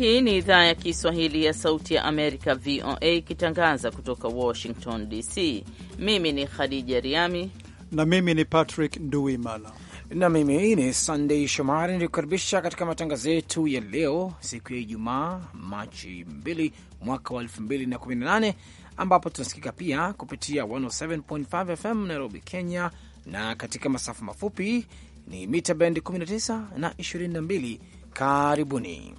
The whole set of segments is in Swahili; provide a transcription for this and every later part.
Hii ni idhaa ya Kiswahili ya Sauti ya Amerika, VOA, ikitangaza kutoka Washington DC. Mimi ni Khadija Riami na mimi ni Patrick Nduwimana na mimi ni Sandei Shomari, nikukaribisha katika matangazo yetu ya leo, siku ya Ijumaa Machi 2 mwaka wa 2018 ambapo tunasikika pia kupitia 107.5 FM Nairobi, Kenya, na katika masafa mafupi ni mita bendi 19 na 22. Karibuni.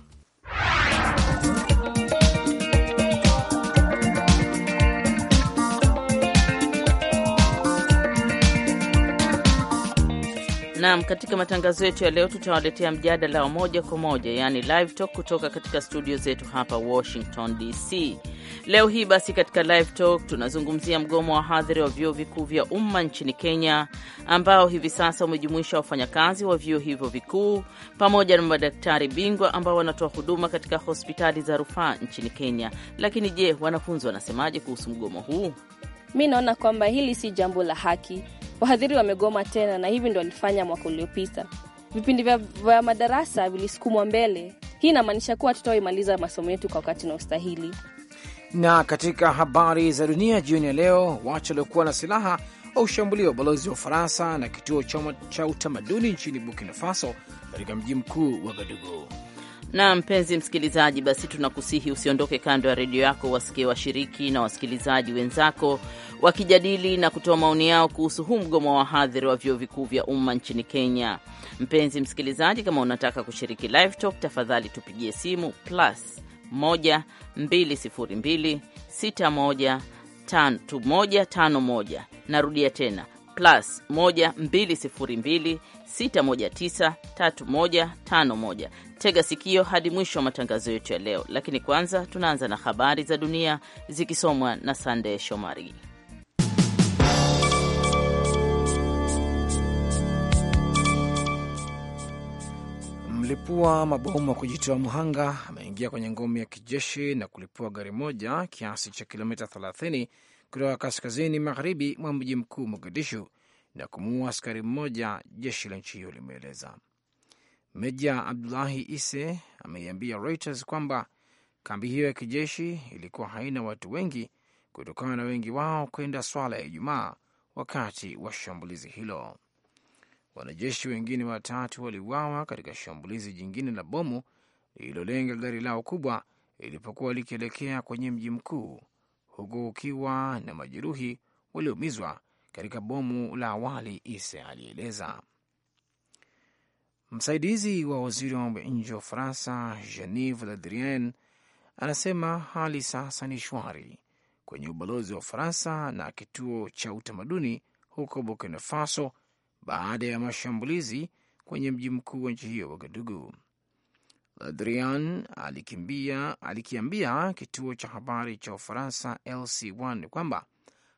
Naam, katika matangazo yetu ya leo tutawaletea mjadala wa moja kwa moja, yaani live talk kutoka katika studio zetu hapa Washington DC. Leo hii basi katika live talk tunazungumzia mgomo wa wahadhiri wa vyuo vikuu vya umma nchini Kenya ambao hivi sasa umejumuisha wafanyakazi wa vyuo hivyo vikuu pamoja na madaktari bingwa ambao wanatoa huduma katika hospitali za rufaa nchini Kenya. Lakini je, wanafunzi wanasemaje kuhusu mgomo huu? Mi naona kwamba hili si jambo la haki. Wahadhiri wamegoma tena, na hivi ndo walifanya mwaka uliopita. Vipindi vya, vya madarasa vilisukumwa mbele. Hii inamaanisha kuwa hatutawaimaliza masomo yetu kwa wakati na ustahili. Na katika habari za dunia jioni ya leo, watu waliokuwa na silaha waushambulia ubalozi wa Ufaransa na kituo cha utamaduni nchini Burkina Faso katika mji mkuu wa Gadugu. Na mpenzi msikilizaji, basi tunakusihi usiondoke kando ya redio yako, wasikie washiriki na wasikilizaji wenzako wakijadili na kutoa maoni yao kuhusu huu mgomo wa wahadhiri wa vyuo vikuu vya umma nchini Kenya. Mpenzi msikilizaji, kama unataka kushiriki live talk, tafadhali tupigie simu plus 12026195151. Narudia tena plus 12026193151. Tega sikio hadi mwisho wa matangazo yetu ya leo, lakini kwanza tunaanza na habari za dunia zikisomwa na sandey Shomari. kulipua mabomu ya kujitoa mhanga ameingia kwenye ngome ya kijeshi na kulipua gari moja kiasi cha kilomita 30 kutoka kaskazini magharibi mwa mji mkuu Mogadishu na kumuua askari mmoja, jeshi la nchi hiyo limeeleza. Meja Abdulahi Ise ameiambia Reuters kwamba kambi hiyo ya kijeshi ilikuwa haina watu wengi kutokana na wengi wao kwenda swala ya Ijumaa wakati wa shambulizi hilo. Wanajeshi wengine watatu waliuawa katika shambulizi jingine la bomu lililolenga gari lao kubwa lilipokuwa likielekea kwenye mji mkuu, huku ukiwa na majeruhi walioumizwa katika bomu la awali, Ise alieleza. Msaidizi wa waziri wa mambo ya nje wa Ufaransa, Genevieve ladrien anasema hali sasa ni shwari kwenye ubalozi wa Ufaransa na kituo cha utamaduni huko Burkina Faso baada ya mashambulizi kwenye mji mkuu wa nchi hiyo Wagadugu. Ladrian alikimbia, alikiambia kituo cha habari cha Ufaransa LC1 kwamba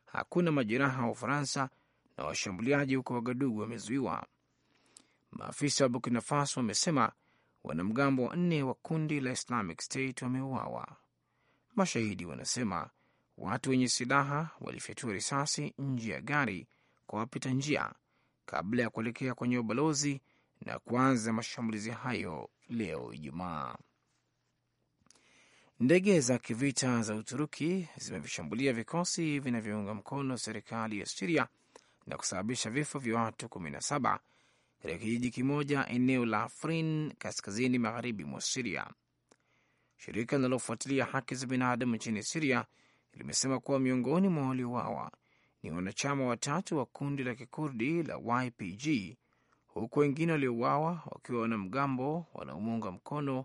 hakuna majeraha wa Ufaransa na washambuliaji huko Wagadugu wamezuiwa. Maafisa wa Burkina Faso wamesema wanamgambo wanne wa kundi la Islamic State wameuawa. Mashahidi wanasema watu wenye silaha walifyatua risasi nje ya gari kwa wapita njia kabla ya kuelekea kwenye ubalozi na kuanza mashambulizi hayo leo Ijumaa. Ndege za kivita za Uturuki zimevishambulia vikosi vinavyounga mkono serikali ya Siria na kusababisha vifo vya watu 17 katika kijiji kimoja eneo la Afrin kaskazini magharibi mwa Siria. Shirika linalofuatilia haki za binadamu nchini Siria limesema kuwa miongoni mwa waliouawa ni wanachama watatu wa kundi la kikurdi la YPG, huku wengine waliouawa wakiwa wanamgambo wanaomuunga mkono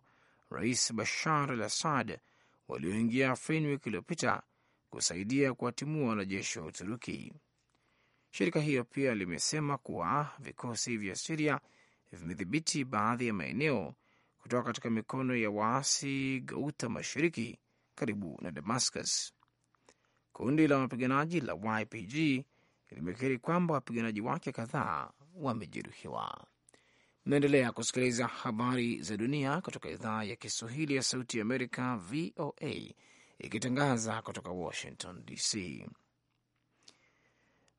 Rais Bashar al Assad walioingia Afrin wiki iliyopita kusaidia kuwatimua wanajeshi wa Uturuki. Shirika hiyo pia limesema kuwa vikosi vya Siria vimedhibiti baadhi ya maeneo kutoka katika mikono ya waasi Gauta mashariki karibu na Damascus. Kundi la wapiganaji la YPG limekiri kwamba wapiganaji wake kadhaa wamejeruhiwa. Mnaendelea kusikiliza habari za dunia kutoka idhaa ya Kiswahili ya Sauti ya Amerika, VOA, ikitangaza kutoka Washington DC.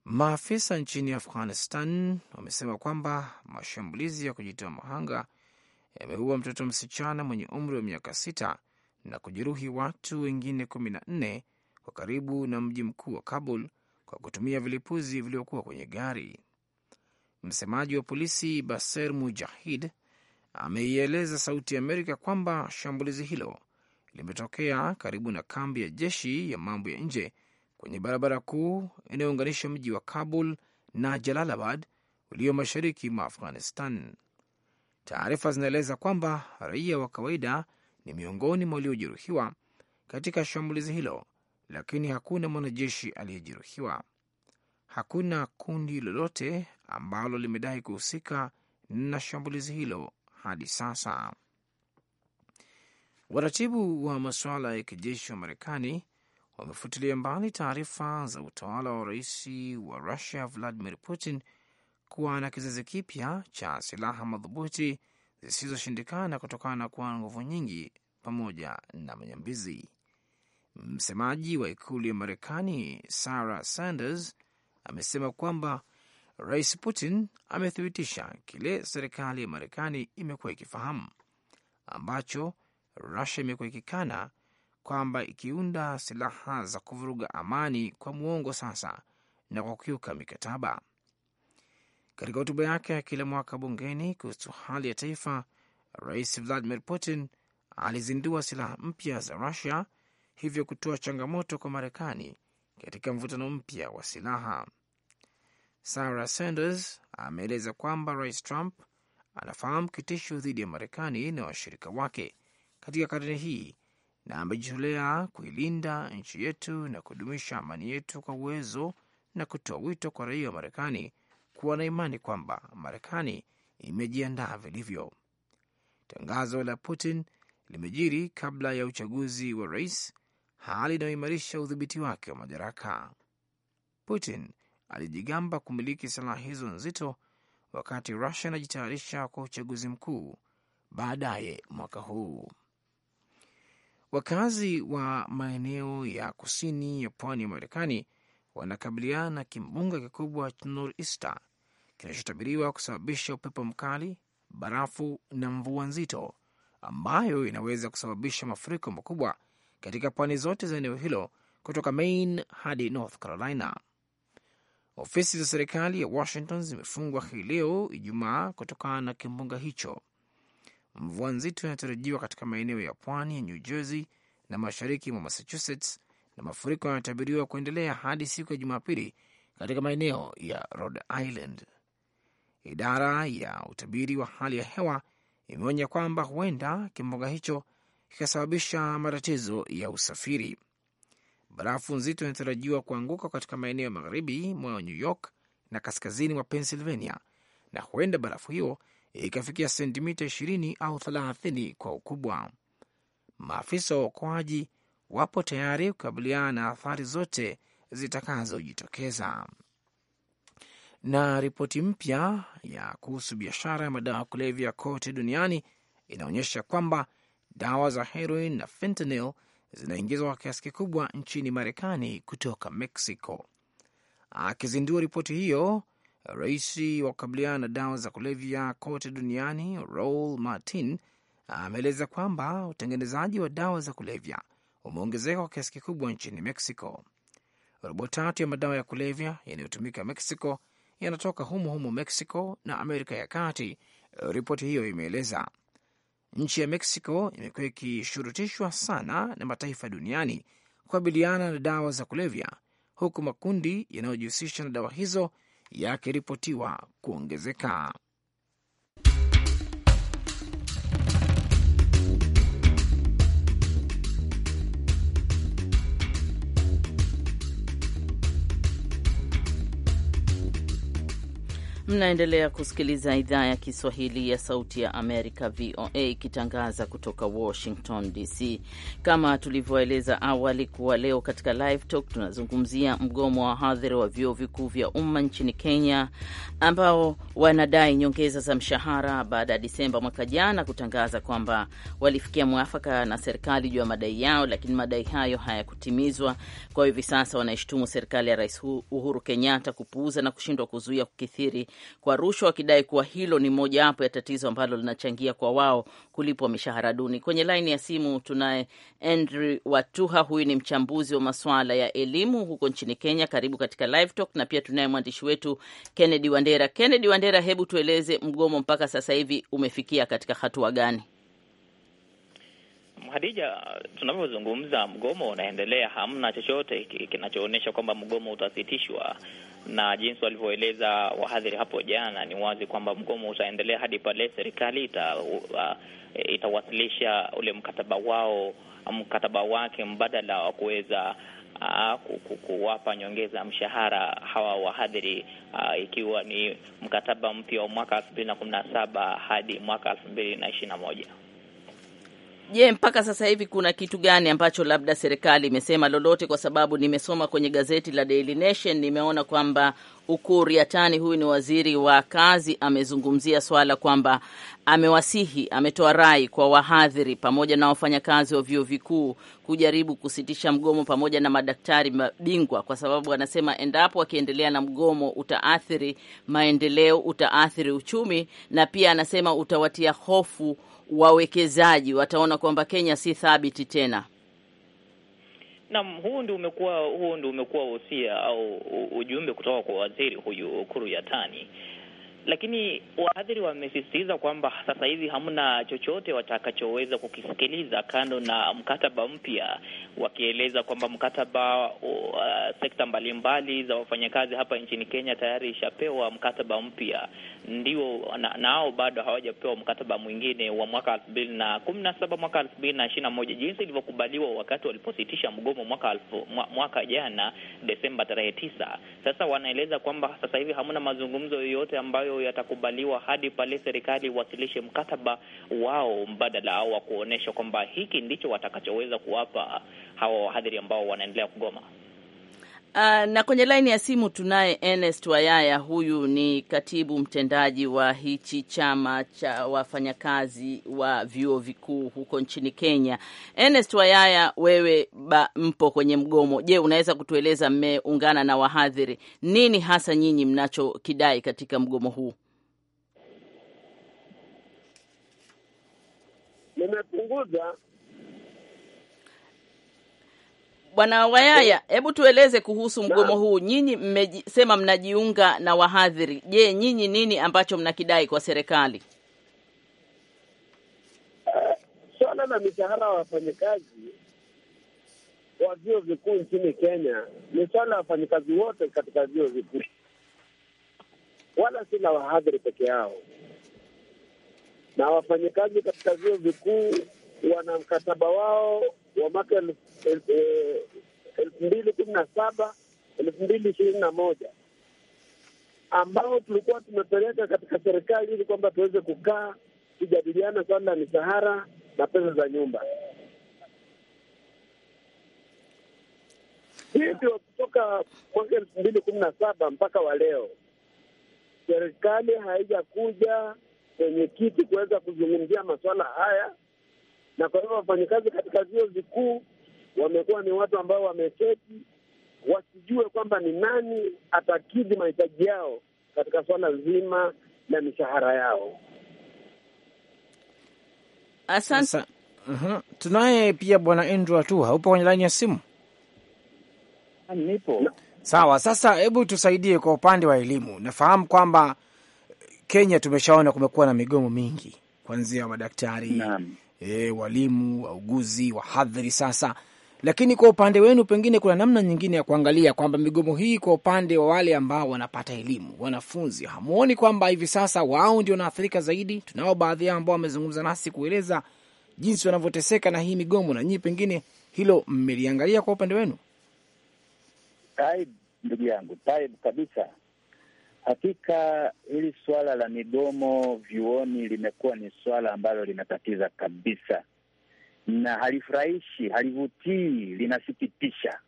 Maafisa nchini Afghanistan wamesema kwamba mashambulizi ya kujitoa mahanga yameua mtoto msichana mwenye umri wa miaka sita na kujeruhi watu wengine kumi na nne kwa karibu na mji mkuu wa Kabul kwa kutumia vilipuzi vilivyokuwa kwenye gari. Msemaji wa polisi Baser Mujahid ameieleza Sauti ya Amerika kwamba shambulizi hilo limetokea karibu na kambi ya jeshi ya mambo ya nje kwenye barabara kuu inayounganisha mji wa Kabul na Jalalabad ulio mashariki mwa Afghanistan. Taarifa zinaeleza kwamba raia wa kawaida ni miongoni mwa waliojeruhiwa katika shambulizi hilo lakini hakuna mwanajeshi aliyejeruhiwa. Hakuna kundi lolote ambalo limedai kuhusika na shambulizi hilo hadi sasa. Waratibu wa masuala ya kijeshi wa Marekani wamefutilia mbali taarifa za utawala wa rais wa Russia Vladimir Putin kuwa na kizazi kipya cha silaha madhubuti zisizoshindikana kutokana na kuwa na nguvu nyingi pamoja na manyambizi. Msemaji wa ikulu ya Marekani Sarah Sanders amesema kwamba Rais Putin amethibitisha kile serikali ya Marekani imekuwa ikifahamu ambacho Rusia imekuwa ikikana kwamba ikiunda silaha za kuvuruga amani kwa muongo sasa na kwa kukiuka mikataba. Katika hotuba yake ya kila mwaka bungeni kuhusu hali ya taifa, Rais Vladimir Putin alizindua silaha mpya za Rusia hivyo kutoa changamoto kwa Marekani katika mvutano mpya wa silaha. Sarah Sanders ameeleza kwamba Rais Trump anafahamu kitisho dhidi ya Marekani na washirika wake katika karne hii na amejitolea kuilinda nchi yetu na kudumisha amani yetu kwa uwezo, na kutoa wito kwa raia wa Marekani kuwa na imani kwamba Marekani imejiandaa vilivyo. Tangazo la Putin limejiri kabla ya uchaguzi wa rais hali inayoimarisha udhibiti wake wa madaraka. Putin alijigamba kumiliki silaha hizo nzito wakati Rusia inajitayarisha kwa uchaguzi mkuu baadaye mwaka huu. Wakazi wa maeneo ya kusini ya pwani ya Marekani wanakabiliana na kimbunga kikubwa cha Nor'easter kinachotabiriwa kusababisha upepo mkali, barafu na mvua nzito ambayo inaweza kusababisha mafuriko makubwa katika pwani zote za eneo hilo kutoka Maine hadi North Carolina. Ofisi za serikali ya Washington zimefungwa hii leo Ijumaa kutokana na kimbunga hicho. Mvua nzito inatarajiwa katika maeneo ya pwani ya New Jersey na mashariki mwa Massachusetts, na mafuriko yanatabiriwa kuendelea hadi siku ya Jumapili katika maeneo ya Rhode Island. Idara ya utabiri wa hali ya hewa imeonya kwamba huenda kimbunga hicho ikasababisha matatizo ya usafiri. Barafu nzito inatarajiwa kuanguka katika maeneo ya magharibi mwa New York na kaskazini mwa Pennsylvania, na huenda barafu hiyo ikafikia sentimita 20 au 30 kwa ukubwa. Maafisa wa uokoaji wapo tayari kukabiliana na athari zote zitakazojitokeza. Na ripoti mpya ya kuhusu biashara ya madawa ya kulevya kote duniani inaonyesha kwamba dawa za heroin na fentanyl zinaingizwa kwa kiasi kikubwa nchini Marekani kutoka Mexico. Akizindua ripoti hiyo, rais wa kukabiliana na dawa za kulevya kote duniani Raul Martin ameeleza kwamba utengenezaji wa dawa za kulevya umeongezeka kwa kiasi kikubwa nchini Mexico. Robo tatu ya madawa ya kulevya yanayotumika Mexico yanatoka humo humo Mexico na Amerika ya Kati, ripoti hiyo imeeleza. Nchi ya Mexico imekuwa ikishurutishwa sana na mataifa duniani kukabiliana na dawa za kulevya, huku makundi yanayojihusisha na dawa hizo yakiripotiwa kuongezeka. Mnaendelea kusikiliza idhaa ya Kiswahili ya Sauti ya Amerika, VOA, ikitangaza kutoka Washington DC. Kama tulivyoeleza awali kuwa leo katika Live Talk tunazungumzia mgomo wa wahadhiri wa vyuo vikuu vya umma nchini Kenya ambao wanadai nyongeza za mshahara baada ya Disemba mwaka jana kutangaza kwamba walifikia mwafaka na serikali juu ya madai yao, lakini madai hayo hayakutimizwa. Kwa hivi sasa wanaishtumu serikali ya Rais Uhuru Kenyatta kupuuza na kushindwa kuzuia kukithiri kwa rushwa, wakidai kuwa hilo ni mojawapo ya tatizo ambalo linachangia kwa wao kulipwa mishahara duni. Kwenye laini ya simu tunaye Andrew Watuha, huyu ni mchambuzi wa masuala ya elimu huko nchini Kenya. Karibu katika Live Talk, na pia tunaye mwandishi wetu Kennedy Wandera. Kennedy Wandera, hebu tueleze mgomo mpaka sasa hivi umefikia katika hatua gani? Hadija, tunavyozungumza mgomo unaendelea, hamna chochote kinachoonyesha kwamba mgomo utasitishwa na jinsi walivyoeleza wahadhiri hapo jana, ni wazi kwamba mgomo utaendelea hadi pale serikali ita, uh, itawasilisha ule mkataba wao mkataba wake mbadala wa kuweza uh, kuwapa nyongeza ya mshahara hawa wahadhiri uh, ikiwa ni mkataba mpya wa mwaka elfu mbili na kumi na saba hadi mwaka elfu mbili na ishirini na moja. Je, mpaka sasa hivi kuna kitu gani ambacho labda serikali imesema lolote? Kwa sababu nimesoma kwenye gazeti la Daily Nation, nimeona kwamba Ukur Yatani, huyu ni waziri wa kazi, amezungumzia swala kwamba amewasihi, ametoa rai kwa wahadhiri pamoja na wafanyakazi wa vyuo vikuu kujaribu kusitisha mgomo pamoja na madaktari mabingwa, kwa sababu anasema endapo wakiendelea na mgomo utaathiri maendeleo, utaathiri uchumi, na pia anasema utawatia hofu wawekezaji, wataona kwamba Kenya si thabiti tena. Naam, huu ndio umekuwa huu ndio umekuwa wosia au ujumbe kutoka kwa waziri huyu ukuru Yatani lakini wahadhiri wamesisitiza kwamba sasa hivi hamna chochote watakachoweza kukisikiliza kando na mkataba mpya, wakieleza kwamba mkataba uh, sekta mbalimbali za wafanyakazi hapa nchini Kenya tayari ishapewa mkataba mpya, ndio nao na bado hawajapewa mkataba mwingine wa mwaka elfu mbili na kumi na saba mwaka elfu mbili na ishirini na moja jinsi ilivyokubaliwa wakati walipositisha mgomo mwaka mwaka jana Desemba tarehe tisa. Sasa wanaeleza kwamba sasa hivi hamna mazungumzo yoyote ambayo yatakubaliwa hadi pale serikali iwasilishe mkataba wao mbadala wa kuonyesha kwamba hiki ndicho watakachoweza kuwapa hawa wahadhiri ambao wanaendelea kugoma. Uh, na kwenye laini ya simu tunaye Ernest Wayaya. Huyu ni katibu mtendaji wa hichi chama cha wafanyakazi wa vyuo vikuu huko nchini Kenya. Ernest Wayaya, wewe ba, mpo kwenye mgomo. Je, unaweza kutueleza, mmeungana na wahadhiri, nini hasa nyinyi mnachokidai katika mgomo huu? Nimepunguza Bwana Wayaya, hebu tueleze kuhusu mgomo huu. Nyinyi mmesema mnajiunga na wahadhiri. Je, nyinyi nini ambacho mnakidai kwa serikali? Uh, swala la mishahara wa wafanyakazi wa vyuo vikuu nchini Kenya ni swala la wafanyakazi wote katika vyuo vikuu, wala si la wahadhiri peke yao. Na wafanyakazi katika vyuo vikuu wana mkataba wao wa mwaka elfu mbili kumi na saba elfu mbili ishirini na moja ambao tulikuwa tumepeleka katika serikali ili kwamba tuweze kukaa kujadiliana swala la mishahara na pesa za nyumba. Hivyo kutoka mwaka elfu mbili kumi na saba mpaka wa leo serikali haijakuja kwenye kiti kuweza kuzungumzia masuala haya na kwa hivyo wafanyakazi katika vyuo vikuu wamekuwa ni watu ambao wameketi wasijue kwamba ni nani atakidhi mahitaji yao katika suala zima la mishahara yao. Asante. Uh-huh. Tunaye pia bwana Andrew Atuha, upo kwenye laini ya simu? Nipo. Sawa, sasa hebu tusaidie kwa upande wa elimu. Nafahamu kwamba Kenya tumeshaona kumekuwa na migomo mingi kuanzia madaktari e, walimu, wauguzi, wahadhiri sasa. Lakini kwa upande wenu, pengine kuna namna nyingine ya kuangalia kwamba migomo hii kwa upande wa wale ambao wanapata elimu, wanafunzi, hamuoni kwamba hivi sasa wao ndio wanaathirika zaidi? Tunao baadhi yao ambao wamezungumza nasi kueleza jinsi wanavyoteseka na hii migomo, na nyinyi pengine hilo mmeliangalia kwa upande wenu? Ndugu yangu, kabisa Hakika hili suala la migomo vyuoni limekuwa ni suala ambalo linatatiza kabisa, na halifurahishi, halivutii, linasikitisha.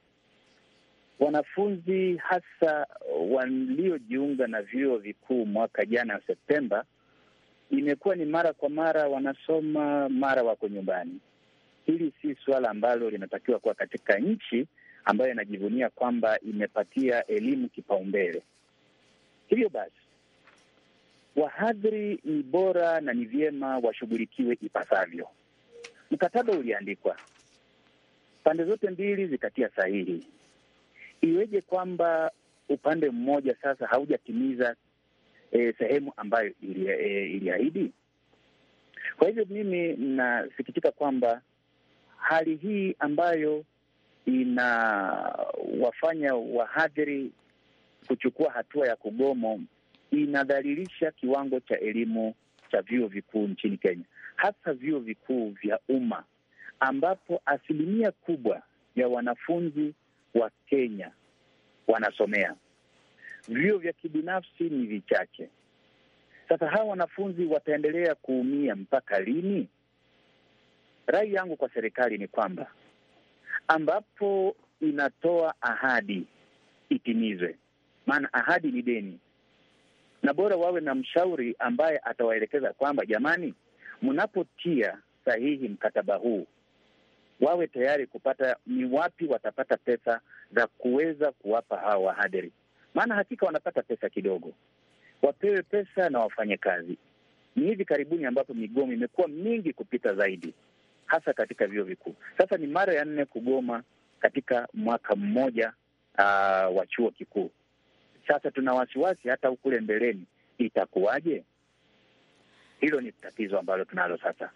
Wanafunzi hasa waliojiunga na vyuo vikuu mwaka jana Septemba, imekuwa ni mara kwa mara wanasoma, mara wako nyumbani. Hili si suala ambalo linatakiwa kuwa katika nchi ambayo inajivunia kwamba imepatia elimu kipaumbele. Hivyo basi wahadhiri ni bora na ni vyema washughulikiwe ipasavyo. Mkataba uliandikwa, pande zote mbili zikatia sahihi. Iweje kwamba upande mmoja sasa haujatimiza e, sehemu ambayo e, iliahidi? E, kwa hivyo mimi nasikitika kwamba hali hii ambayo inawafanya wahadhiri kuchukua hatua ya kugomo inadhalilisha kiwango cha elimu cha vyuo vikuu nchini Kenya, hasa vyuo vikuu vya umma ambapo asilimia kubwa ya wanafunzi wa Kenya wanasomea. Vyuo vya kibinafsi ni vichache. Sasa hawa wanafunzi wataendelea kuumia mpaka lini? Rai yangu kwa serikali ni kwamba ambapo inatoa ahadi itimizwe maana ahadi ni deni, na bora wawe na mshauri ambaye atawaelekeza kwamba, jamani, mnapotia sahihi mkataba huu wawe tayari kupata ni wapi watapata pesa za kuweza kuwapa hawa wahadhiri, maana hakika wanapata pesa kidogo. Wapewe pesa na wafanye kazi. Ni hivi karibuni ambapo migomo imekuwa mingi kupita zaidi, hasa katika vyuo vikuu. Sasa ni mara ya nne kugoma katika mwaka mmoja uh, wa chuo kikuu. Sasa tuna wasiwasi hata ukule mbeleni itakuwaje? Hilo ni tatizo ambalo tunalo sasa.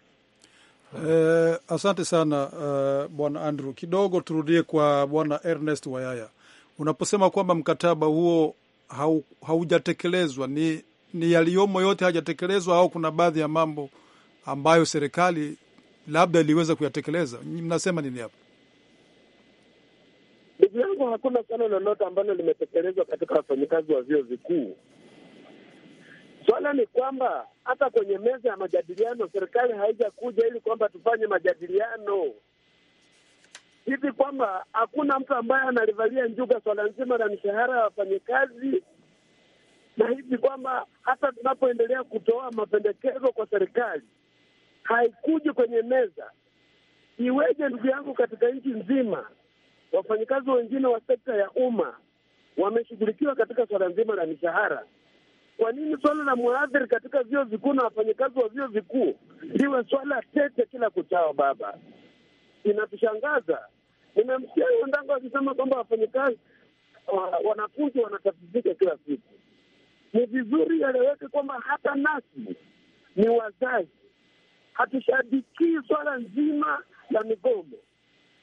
Eh, asante sana uh, bwana Andrew. Kidogo turudie kwa bwana Ernest Wayaya, unaposema kwamba mkataba huo haujatekelezwa ni, ni yaliyomo yote hajatekelezwa au kuna baadhi ya mambo ambayo serikali labda iliweza kuyatekeleza? Mnasema nini hapo? kama hakuna swala lolote ambalo limetekelezwa katika wafanyakazi wa vyuo vikuu. Swala ni kwamba hata kwenye meza ya majadiliano serikali haijakuja ili kwamba tufanye majadiliano hivi kwamba hakuna mtu ambaye analivalia njuga swala nzima la mishahara ya wafanyakazi, na hivi kwamba hata tunapoendelea kutoa mapendekezo kwa serikali haikuji kwenye meza. Iweje ndugu yangu, katika nchi nzima wafanyakazi wengine wa sekta ya umma wameshughulikiwa katika swala nzima la mishahara. Kwa nini swala la mhadhiri katika vyuo vikuu na wafanyakazi wa vyuo vikuu liwe swala tete kila kuchao? Baba, inatushangaza. Nimemsikia wenzangu wakisema kwamba wafanyakazi wa, wanafunzi wanatatizika kila siku. Ni vizuri yaleweke kwamba hata nasi ni wazazi hatushabikii swala nzima la migomo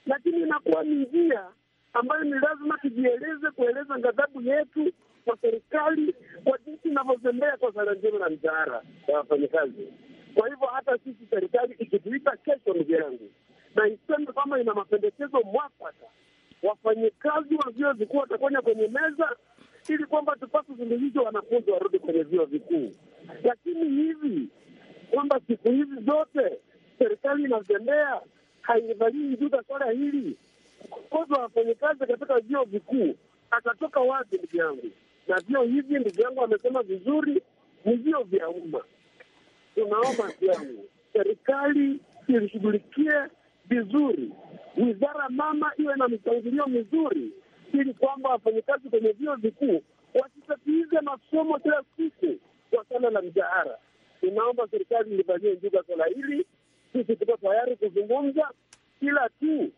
lakini inakuwa ni njia ambayo ni lazima tujieleze, kueleza ghadhabu yetu kwa serikali kwa jinsi inavyotembea kwa sala njema na mshahara ya wafanyakazi. Kwa hivyo hata sisi serikali ikituita kesho, ndugu yangu, na iseme kwamba ina mapendekezo mwafaka, wafanyakazi wa vyuo vikuu watakwenda kwenye meza ili kwamba tupate suluhisho, wanafunzi warudi kwenye vyuo vikuu. Lakini hivi kwamba siku hizi zote serikali inatembea haivalii njuga swala hili. Kufukuzwa wafanyakazi katika vyuo vikuu atatoka wazi ndugu yangu? Na vyuo hivi ndugu yangu amesema vizuri, ni vyuo vya umma. Tunaomba yangu serikali ilishughulikie vizuri, wizara mama iwe na mipangilio mizuri, ili kwamba wafanyakazi kwenye vyuo vikuu wasitatiize masomo kila siku kwa swala la mshahara. Tunaomba serikali ilivalie njuga swala hili sisi tuko tayari kuzungumza, kila tu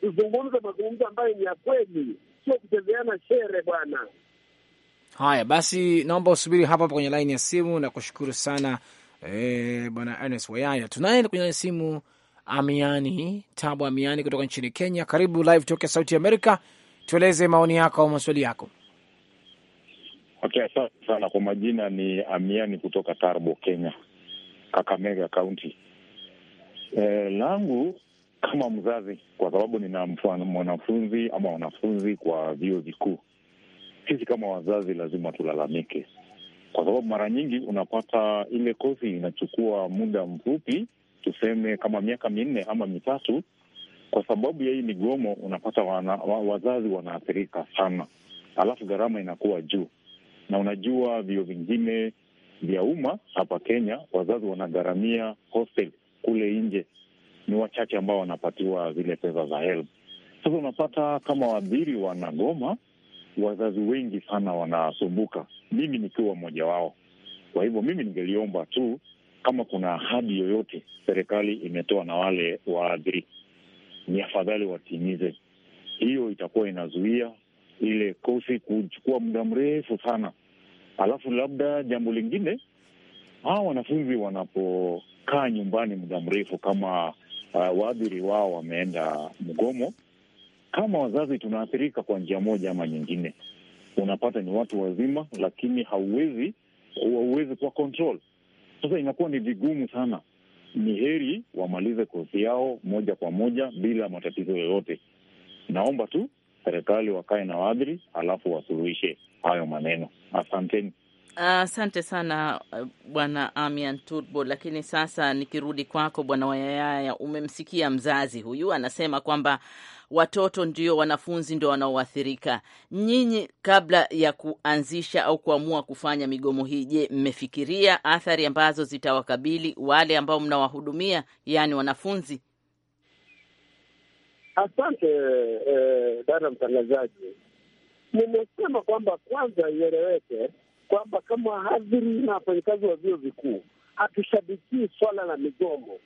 tuzungumze mazungumzo ambayo ni ya kweli, sio kuchezeana shere bwana. Haya basi, naomba usubiri hapa hapa kwenye laini ya simu na kushukuru sana eh, bwana Ernest Wayaya. Tunaye kwenye laini ya simu Amiani Tabu Amiani kutoka nchini Kenya. Karibu live toke Sauti Amerika, tueleze maoni yako au maswali yako. Okay, asante sana. Kwa majina ni Amiani kutoka Tarbo, Kenya, Kakamega Kaunti. E, langu kama mzazi, kwa sababu nina mwanafunzi ama wanafunzi kwa vyuo vikuu, sisi kama wazazi lazima tulalamike, kwa sababu mara nyingi unapata ile kozi inachukua muda mfupi, tuseme kama miaka minne ama mitatu. Kwa sababu ya hii migomo, unapata wana, wazazi wanaathirika sana, alafu gharama inakuwa juu, na unajua vyuo vingine vya umma hapa Kenya wazazi wanagharamia hostel kule nje ni wachache ambao wanapatiwa zile pesa za HELB. Sasa unapata kama waadhiri wanagoma, wazazi wengi sana wanasumbuka, mimi nikiwa mmoja wao. Kwa hivyo mimi ningeliomba tu kama kuna ahadi yoyote serikali imetoa na wale waadhiri, ni afadhali watimize. Hiyo itakuwa inazuia ile kosi kuchukua muda mrefu sana. Alafu labda jambo lingine, hawa wanafunzi wanapo kaa nyumbani muda mrefu, kama uh, waadhiri wao wameenda mgomo. Kama wazazi tunaathirika kwa njia moja ama nyingine. Unapata ni watu wazima, lakini hauwezi hauwezi kwa control. Sasa inakuwa ni vigumu sana. Ni heri wamalize kozi yao moja kwa moja bila matatizo yoyote. Naomba tu serikali wakae na waadhiri, alafu wasuluhishe hayo maneno. Asanteni. Asante uh, sana bwana Amian Turbo. Lakini sasa nikirudi kwako bwana Wayayaya, umemsikia mzazi huyu anasema kwamba watoto ndio wanafunzi ndio wanaoathirika. Nyinyi kabla ya kuanzisha au kuamua kufanya migomo hii, je, mmefikiria athari ambazo zitawakabili wale ambao mnawahudumia, yaani wanafunzi? Asante eh, dada mtangazaji, nimesema kwamba kwanza ieleweke kwamba kama wahadhiri na wafanyakazi wa vyuo vikuu hatushabikii swala la migomo.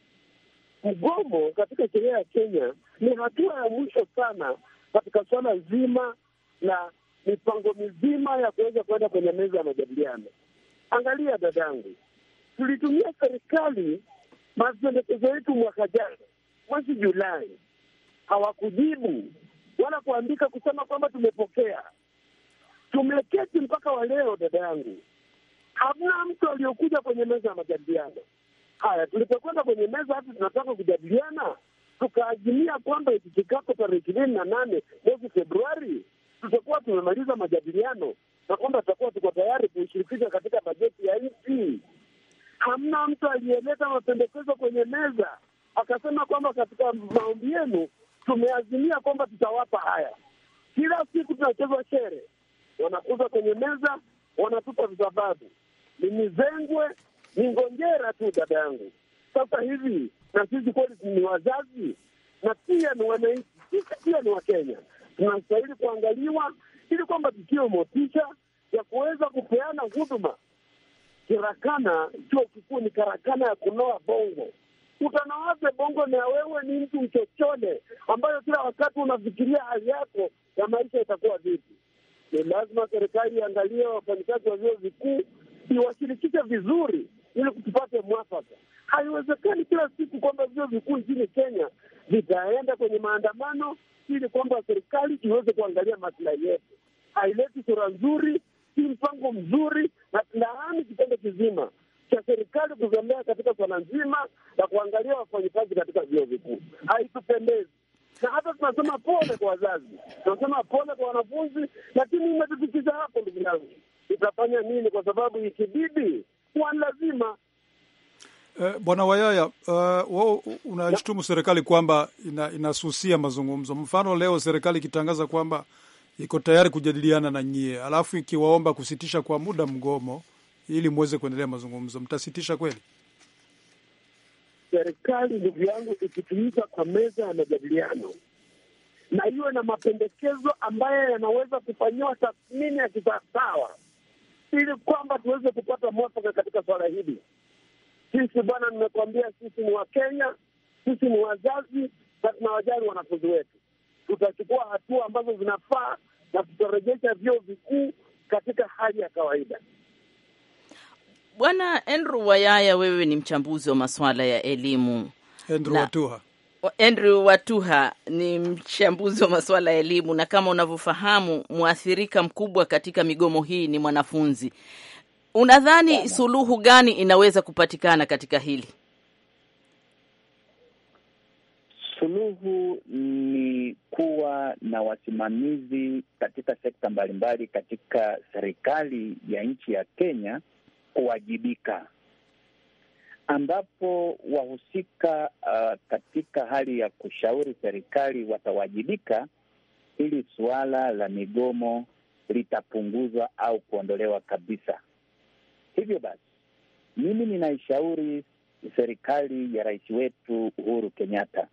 Mgomo katika sheria ya Kenya ni hatua ya mwisho sana katika swala zima la mipango mizima ya kuweza kuenda kwenye meza ya majadiliano. Angalia dadangu, tulitumia serikali mapendekezo yetu mwaka jana mwezi Julai, hawakujibu wala kuandika kusema kwamba tumepokea tumeketi mpaka wa leo, dada yangu, hamna mtu aliyokuja kwenye meza ya majadiliano haya. Tulipokwenda kwenye meza hati tunataka kujadiliana, tukaazimia kwamba ikifikapo tarehe ishirini na nane mwezi Februari tutakuwa tumemaliza majadiliano na kwamba tutakuwa tuko tayari kuishirikisha katika bajeti ya nchi. Hamna mtu aliyeleta mapendekezo kwenye meza akasema kwamba katika maombi yenu tumeazimia kwamba tutawapa haya. Kila siku tunachezwa shere wanakuza kwenye meza, wanatupa sababu. Ni mizengwe, ni ngonjera tu, dada yangu. Sasa hivi na sisi kweli ni wazazi na pia ni wananchi, sisi pia ni Wakenya, tunastahili kuangaliwa ili kwamba tukiwe motisha ya kuweza kupeana huduma. Karakana, chuo kikuu ni karakana ya kunoa bongo. Utanawaze bongo na wewe ni mtu mchochole, ambayo kila wakati unafikiria hali yako ya maisha itakuwa vipi. Ni lazima serikali iangalie wafanyakazi wa vyuo vikuu iwashirikishe vizuri, ili tupate mwafaka. Haiwezekani kila siku kwamba vyuo vikuu nchini Kenya vitaenda kwenye maandamano ili kwamba serikali iweze kuangalia masilahi yetu. Haileti sura nzuri, si mpango mzuri, na laani kitendo kizima cha serikali kuzomea katika swala nzima la kuangalia wafanyikazi katika vyuo vikuu. Haitupendezi na hata tunasema pole kwa wazazi, tunasema pole kwa wanafunzi, lakini imetufikisha hapo. Ndugu yangu, itafanya nini? Kwa sababu ikibidi wani lazima Eh, Bwana Wayaya, uh, eh, wao serikali kwamba ina, inasusia mazungumzo. Mfano leo serikali ikitangaza kwamba iko tayari kujadiliana na nyie, alafu ikiwaomba kusitisha kwa muda mgomo ili mweze kuendelea mazungumzo, mtasitisha kweli? serikali, ndugu yangu, ikitumika kwa meza ya majadiliano na iwe na mapendekezo ambayo yanaweza kufanyiwa tathmini ya kisawasawa, ili kwamba tuweze kupata mwafaka katika swala hili. Sisi bwana, nimekuambia sisi ni Wakenya, sisi ni wazazi na tunawajali wanafunzi wetu. Tutachukua hatua ambazo zinafaa na tutarejesha vyuo vikuu katika hali ya kawaida. Bwana Andrew Wayaya, wewe ni mchambuzi wa masuala ya elimu. Andrew na, Watuha. Andrew Watuha ni mchambuzi wa masuala ya elimu, na kama unavyofahamu, mwathirika mkubwa katika migomo hii ni mwanafunzi. Unadhani suluhu gani inaweza kupatikana katika hili? Suluhu ni kuwa na wasimamizi katika sekta mbalimbali katika serikali ya nchi ya Kenya kuwajibika, ambapo wahusika uh, katika hali ya kushauri serikali watawajibika, hili suala la migomo litapunguzwa au kuondolewa kabisa. Hivyo basi, mimi ninaishauri serikali ya rais wetu Uhuru Kenyatta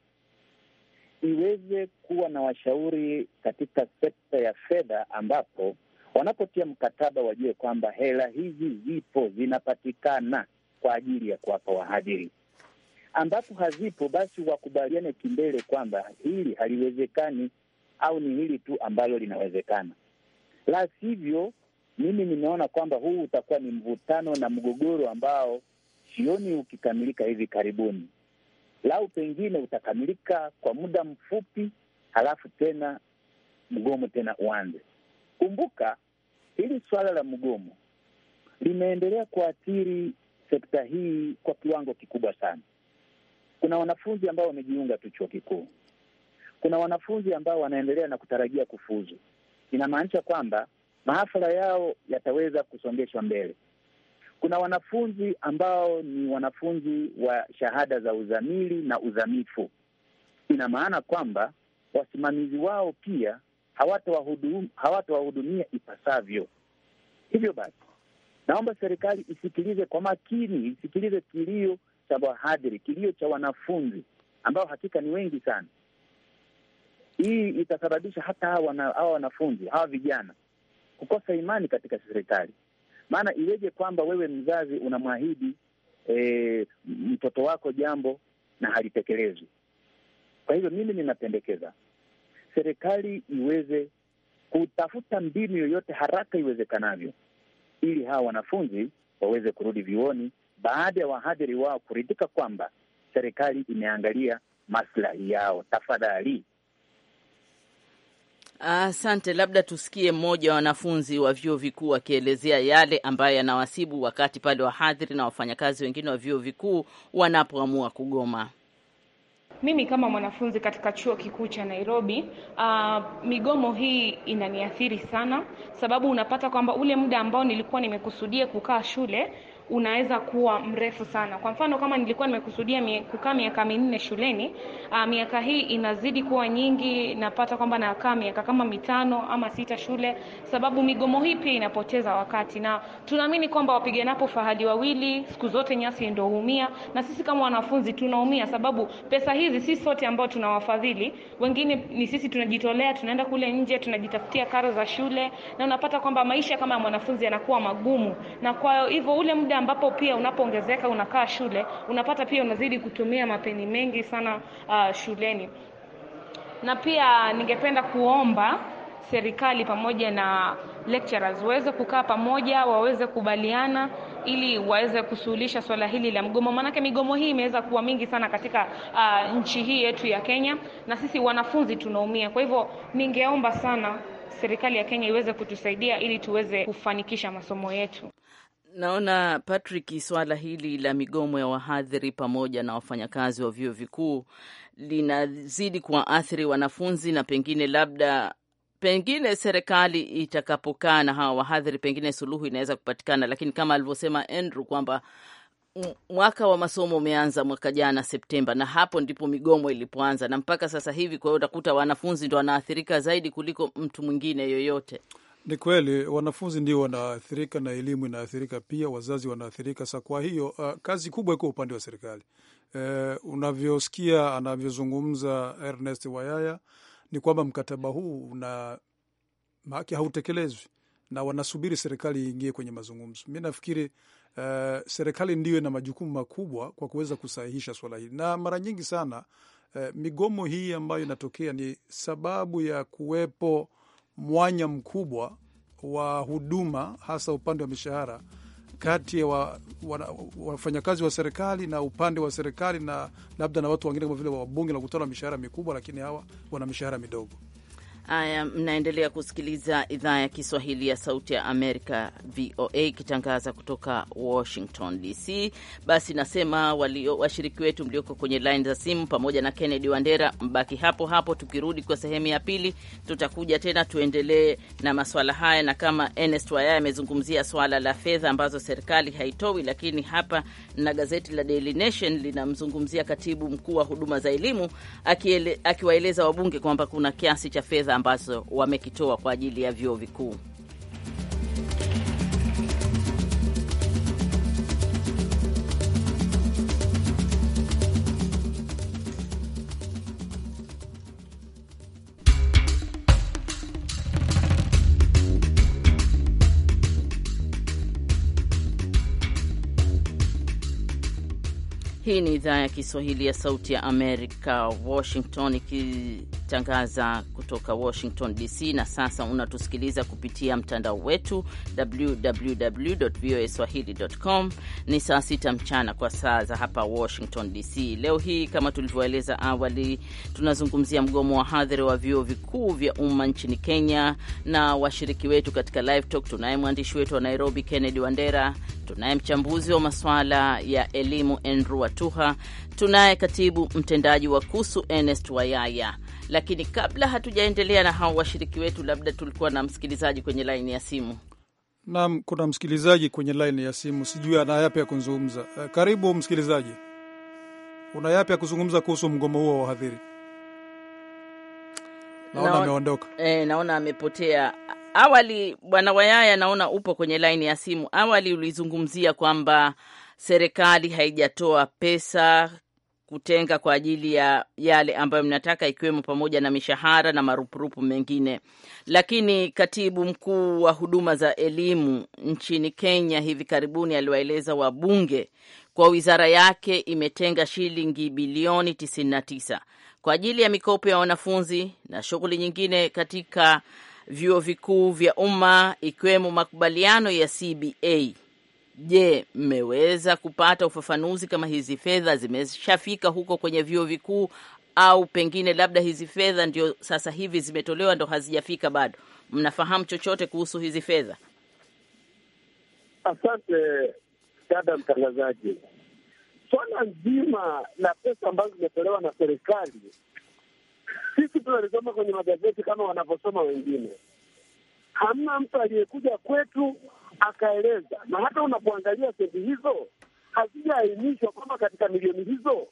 iweze kuwa na washauri katika sekta ya fedha, ambapo Wanapotia mkataba, wajue kwamba hela hizi zipo, zinapatikana kwa ajili ya kuwapa wahadhiri. Ambapo hazipo, basi wakubaliane kimbele kwamba hili haliwezekani au ni hili tu ambalo linawezekana. La sivyo, mimi nimeona kwamba huu utakuwa ni mvutano na mgogoro ambao sioni ukikamilika hivi karibuni. Lau pengine utakamilika kwa muda mfupi, halafu tena mgomo tena uanze. Kumbuka Hili suala la mgomo limeendelea kuathiri sekta hii kwa kiwango kikubwa sana. Kuna wanafunzi ambao wamejiunga tu chuo kikuu, kuna wanafunzi ambao wanaendelea na kutarajia kufuzu. Inamaanisha kwamba mahafala yao yataweza kusongeshwa mbele. Kuna wanafunzi ambao ni wanafunzi wa shahada za uzamili na uzamifu. Ina maana kwamba wasimamizi wao pia hawatawahudumia hawata ipasavyo. Hivyo basi, naomba serikali isikilize kwa makini, isikilize kilio cha wahadhiri, kilio cha wanafunzi ambao hakika ni wengi sana. Hii itasababisha hata hawa wanafunzi hawa vijana kukosa imani katika serikali. Maana iweje kwamba wewe mzazi unamwahidi e, mtoto wako jambo na halitekelezwi? Kwa hivyo mimi ninapendekeza serikali iweze kutafuta mbinu yoyote haraka iwezekanavyo, ili hawa wanafunzi waweze kurudi vyuoni baada ya wahadhiri wao kuridhika kwamba serikali imeangalia maslahi yao. Tafadhali. Asante. Labda tusikie mmoja wa wanafunzi wa vyuo vikuu akielezea yale ambayo yanawasibu wakati pale wahadhiri na wafanyakazi wengine wa vyuo vikuu wanapoamua kugoma mimi kama mwanafunzi katika chuo kikuu cha Nairobi, uh, migomo hii inaniathiri sana, sababu unapata kwamba ule muda ambao nilikuwa nimekusudia kukaa shule unaweza kuwa mrefu sana. Kwa mfano kama nilikuwa nimekusudia kukaa miaka minne shuleni, uh, miaka hii inazidi kuwa nyingi, napata kwamba nakaa miaka kama mitano ama sita shule, sababu migomo hii pia inapoteza wakati, na tunaamini kwamba wapiganapo fahali wawili, siku zote nyasi ndio huumia, na sisi kama wanafunzi tunaumia, sababu pesa hizi si sote ambao tunawafadhili, wengine ni sisi tunajitolea, tunaenda kule nje, tunajitafutia karo za shule, na unapata kwamba maisha kama ya mwanafunzi yanakuwa magumu, na kwa hivyo ule muda muda ambapo pia unapoongezeka unakaa shule, unapata pia unazidi kutumia mapeni mengi sana uh, shuleni. Na pia ningependa kuomba serikali pamoja na lecturers waweze kukaa pamoja, waweze kubaliana ili waweze kusuluhisha swala hili la mgomo, maanake migomo hii imeweza kuwa mingi sana katika uh, nchi hii yetu ya Kenya, na sisi wanafunzi tunaumia. Kwa hivyo ningeomba sana serikali ya Kenya iweze kutusaidia ili tuweze kufanikisha masomo yetu. Naona Patrick, swala hili la migomo ya wahadhiri pamoja na wafanyakazi wa vyuo vikuu linazidi kuwaathiri wanafunzi na pengine labda pengine serikali itakapokaa na hawa wahadhiri, pengine suluhu inaweza kupatikana, lakini kama alivyosema Andrew kwamba mwaka wa masomo umeanza mwaka jana Septemba, na hapo ndipo migomo ilipoanza na mpaka sasa hivi. Kwa hiyo utakuta wanafunzi ndo wanaathirika zaidi kuliko mtu mwingine yoyote. Ni kweli wanafunzi ndio wanaathirika na elimu inaathirika pia, wazazi wanaathirika. Sa kwa hiyo uh, kazi kubwa iko upande wa serikali. Uh, unavyosikia anavyozungumza Ernest Wayaya ni kwamba mkataba huu una maake hautekelezwi na wanasubiri serikali iingie kwenye mazungumzo. Mi nafikiri uh, serikali ndio ina majukumu makubwa kwa kuweza kusahihisha swala hili, na mara nyingi sana uh, migomo hii ambayo inatokea ni sababu ya kuwepo mwanya mkubwa wa huduma hasa upande wa mishahara kati ya wa, wafanyakazi wa, wa serikali na upande wa serikali na labda na watu wengine kama vile wabunge na kutana mishahara mikubwa, lakini hawa wana mishahara midogo. Haya, mnaendelea kusikiliza idhaa ya Kiswahili ya Sauti ya Amerika, VOA, ikitangaza kutoka Washington DC. Basi nasema walio washiriki wetu mlioko kwenye lin za simu pamoja na Kennedy Wandera, mbaki hapo hapo. Tukirudi kwa sehemu ya pili, tutakuja tena tuendelee na maswala haya, na kama Ernest Waya amezungumzia swala la fedha ambazo serikali haitowi lakini hapa na gazeti la Daily Nation linamzungumzia katibu mkuu wa huduma za elimu akiwaeleza wabunge kwamba kuna kiasi cha fedha fedha ambazo wamekitoa kwa ajili ya vyuo vikuu. Hii ni idhaa ya Kiswahili ya Sauti ya Amerika, Washington, tangaza kutoka Washington DC, na sasa unatusikiliza kupitia mtandao wetu www voa swahili.com. Ni saa sita mchana kwa saa za hapa Washington DC. Leo hii kama tulivyoeleza awali, tunazungumzia mgomo wa hadhiri wa vyuo vikuu vya umma nchini Kenya na washiriki wetu katika live talk. Tunaye mwandishi wetu wa Nairobi, Kennedy Wandera, tunaye mchambuzi wa masuala ya elimu Andrew Watuha, tunaye katibu mtendaji wa KUSU Ernest Wayaya lakini kabla hatujaendelea na hao washiriki wetu, labda tulikuwa na msikilizaji kwenye laini ya simu. Naam, kuna msikilizaji kwenye laini ya simu, sijui ana yapi ya kuzungumza. Eh, karibu msikilizaji, una yapi ya kuzungumza kuhusu mgomo huo wa wahadhiri? Naona ameondoka eh, naona amepotea. Awali bwana Wayaya, naona upo kwenye laini ya simu. Awali ulizungumzia kwamba serikali haijatoa pesa kutenga kwa ajili ya yale ambayo mnataka, ikiwemo pamoja na mishahara na marupurupu mengine. Lakini katibu mkuu wa huduma za elimu nchini Kenya hivi karibuni aliwaeleza wabunge kwa wizara yake imetenga shilingi bilioni 99 kwa ajili ya mikopo ya wanafunzi na shughuli nyingine katika vyuo vikuu vya umma ikiwemo makubaliano ya CBA. Je, mmeweza kupata ufafanuzi kama hizi fedha zimeshafika huko kwenye vyuo vikuu au pengine labda hizi fedha ndio sasa hivi zimetolewa ndo hazijafika bado? Mnafahamu chochote kuhusu hizi fedha? Asante dada mtangazaji. Swala nzima la pesa ambazo zimetolewa na serikali, sisi tunalisoma kwenye magazeti kama wanavyosoma wengine. Hamna mtu aliyekuja kwetu akaeleza, na hata unapoangalia senti hizo hazijaainishwa kwamba katika milioni hizo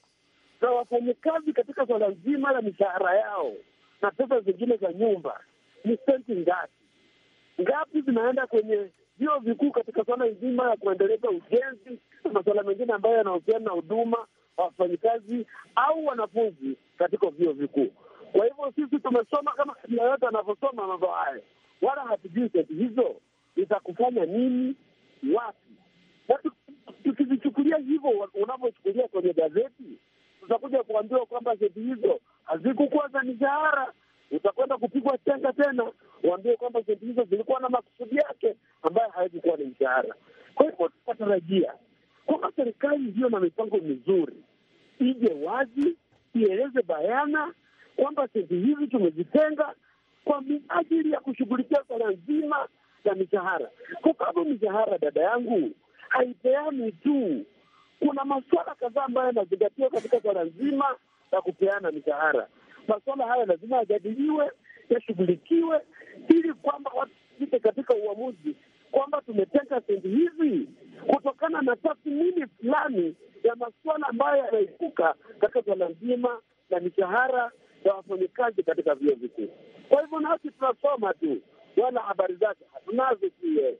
za wafanyakazi katika swala zima la mishahara yao na pesa zingine za nyumba ni senti ngapi ngapi zinaenda kwenye vyuo vikuu katika swala nzima ya kuendeleza ujenzi na masuala mengine ambayo yanahusiana na huduma wafanyikazi au wanafunzi katika vyuo vikuu. Kwa hivyo sisi tumesoma kama kila yote anavyosoma mambo hayo, wala hatujui senti hizo itakufanya nini, wapi. Na tukizichukulia hivyo unavyochukulia kwenye gazeti, tutakuja kuambiwa kwamba seti hizo hazikukuwa za mishahara. Utakwenda kupigwa chenga tena, uambie kwamba seti hizo zilikuwa na makusudi yake ambayo hawezikuwa ni mshahara. Kwa hivyo tunatarajia kwamba serikali hiyo na mipango mizuri ije wazi, ieleze bayana kwamba senti hizi tumezitenga kwa minajili ya kushughulikia swala nzima na mishahara, kwa sababu mishahara, dada yangu, haipeani tu. Kuna maswala kadhaa ambayo yanazingatiwa katika swala nzima la kupeana mishahara. Masuala haya lazima yajadiliwe, yashughulikiwe, ili kwamba watu ite katika uamuzi kwamba tumetenga sendi hizi kutokana na tathmini fulani ya masuala ambayo yanaibuka katika swala nzima la mishahara ya wafanyakazi katika vyuo vikuu. Kwa hivyo nasi tunasoma tu wala habari zake hatunazo pia.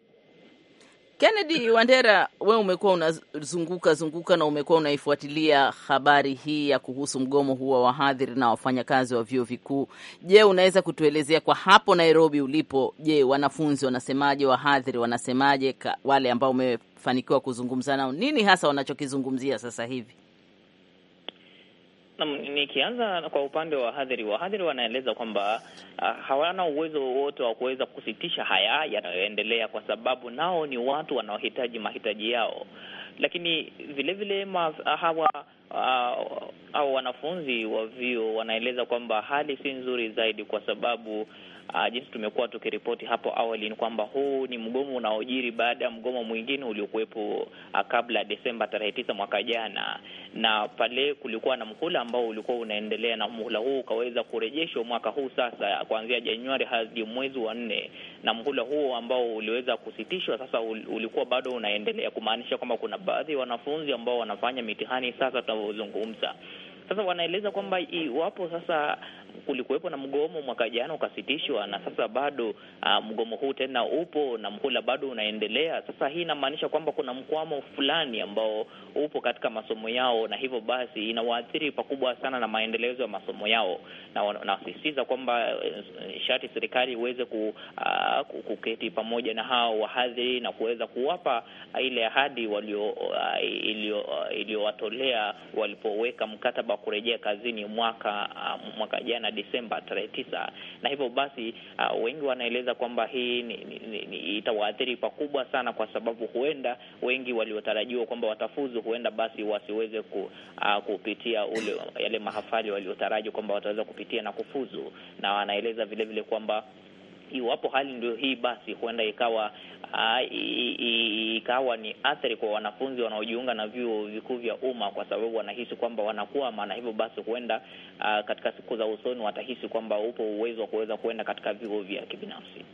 Kennedy Wandera, we umekuwa unazunguka zunguka na umekuwa unaifuatilia habari hii ya kuhusu mgomo huo wa wahadhiri na wafanyakazi wa vyuo vikuu. Je, unaweza kutuelezea kwa hapo Nairobi ulipo, je, wanafunzi wanasemaje? Wahadhiri wanasemaje? Wale ambao umefanikiwa kuzungumza nao, nini hasa wanachokizungumzia sasa hivi? Nikianza kwa upande wa wahadhiri, wahadhiri wanaeleza kwamba uh, hawana uwezo wowote wa kuweza kusitisha haya yanayoendelea, kwa sababu nao ni watu wanaohitaji mahitaji yao, lakini vilevile ah, hawa au ah, wanafunzi wa vyuo wanaeleza kwamba hali si nzuri zaidi, kwa sababu Uh, jinsi tumekuwa tukiripoti hapo awali ni kwamba huu ni mgomo unaojiri baada ya mgomo mwingine uliokuwepo uh, kabla ya Desemba tarehe tisa mwaka jana, na pale kulikuwa na mhula ambao ulikuwa unaendelea, na mhula huu ukaweza kurejeshwa mwaka huu sasa, kuanzia Januari hadi mwezi wa nne, na mhula huo ambao uliweza kusitishwa sasa ulikuwa bado unaendelea, kumaanisha kwamba kuna baadhi ya wanafunzi ambao wanafanya mitihani sasa tunavyozungumza sasa wanaeleza kwamba iwapo sasa kulikuwepo na mgomo mwaka jana ukasitishwa, na sasa bado uh, mgomo huu tena upo na mhula bado unaendelea. Sasa hii inamaanisha kwamba kuna mkwamo fulani ambao upo katika masomo yao, na hivyo basi inawaathiri pakubwa sana na maendelezo ya masomo yao, na nasisitiza kwamba eh, sharti serikali iweze ku, uh, kuketi pamoja na hao wahadhiri na kuweza kuwapa ah, ile ahadi walio uh, iliyowatolea uh, walipoweka mkataba wa kurejea kazini mwaka uh, mwaka jana na Desemba tarehe tisa, na hivyo basi uh, wengi wanaeleza kwamba hii ni, ni, ni, ni itawaathiri pakubwa sana, kwa sababu huenda wengi waliotarajiwa kwamba watafuzu huenda basi wasiweze ku, uh, kupitia ule yale mahafali waliotaraji kwamba wataweza kupitia na kufuzu, na wanaeleza vilevile kwamba iwapo hali ndio hii, basi huenda ikawa ah, ikawa ni athari kwa wanafunzi wanaojiunga na vyuo vikuu vya umma, kwa sababu wanahisi kwamba wanakwama, na hivyo basi huenda ah, katika siku za usoni watahisi kwamba upo uwezo wa kuweza kuenda katika vyuo vya kibinafsi.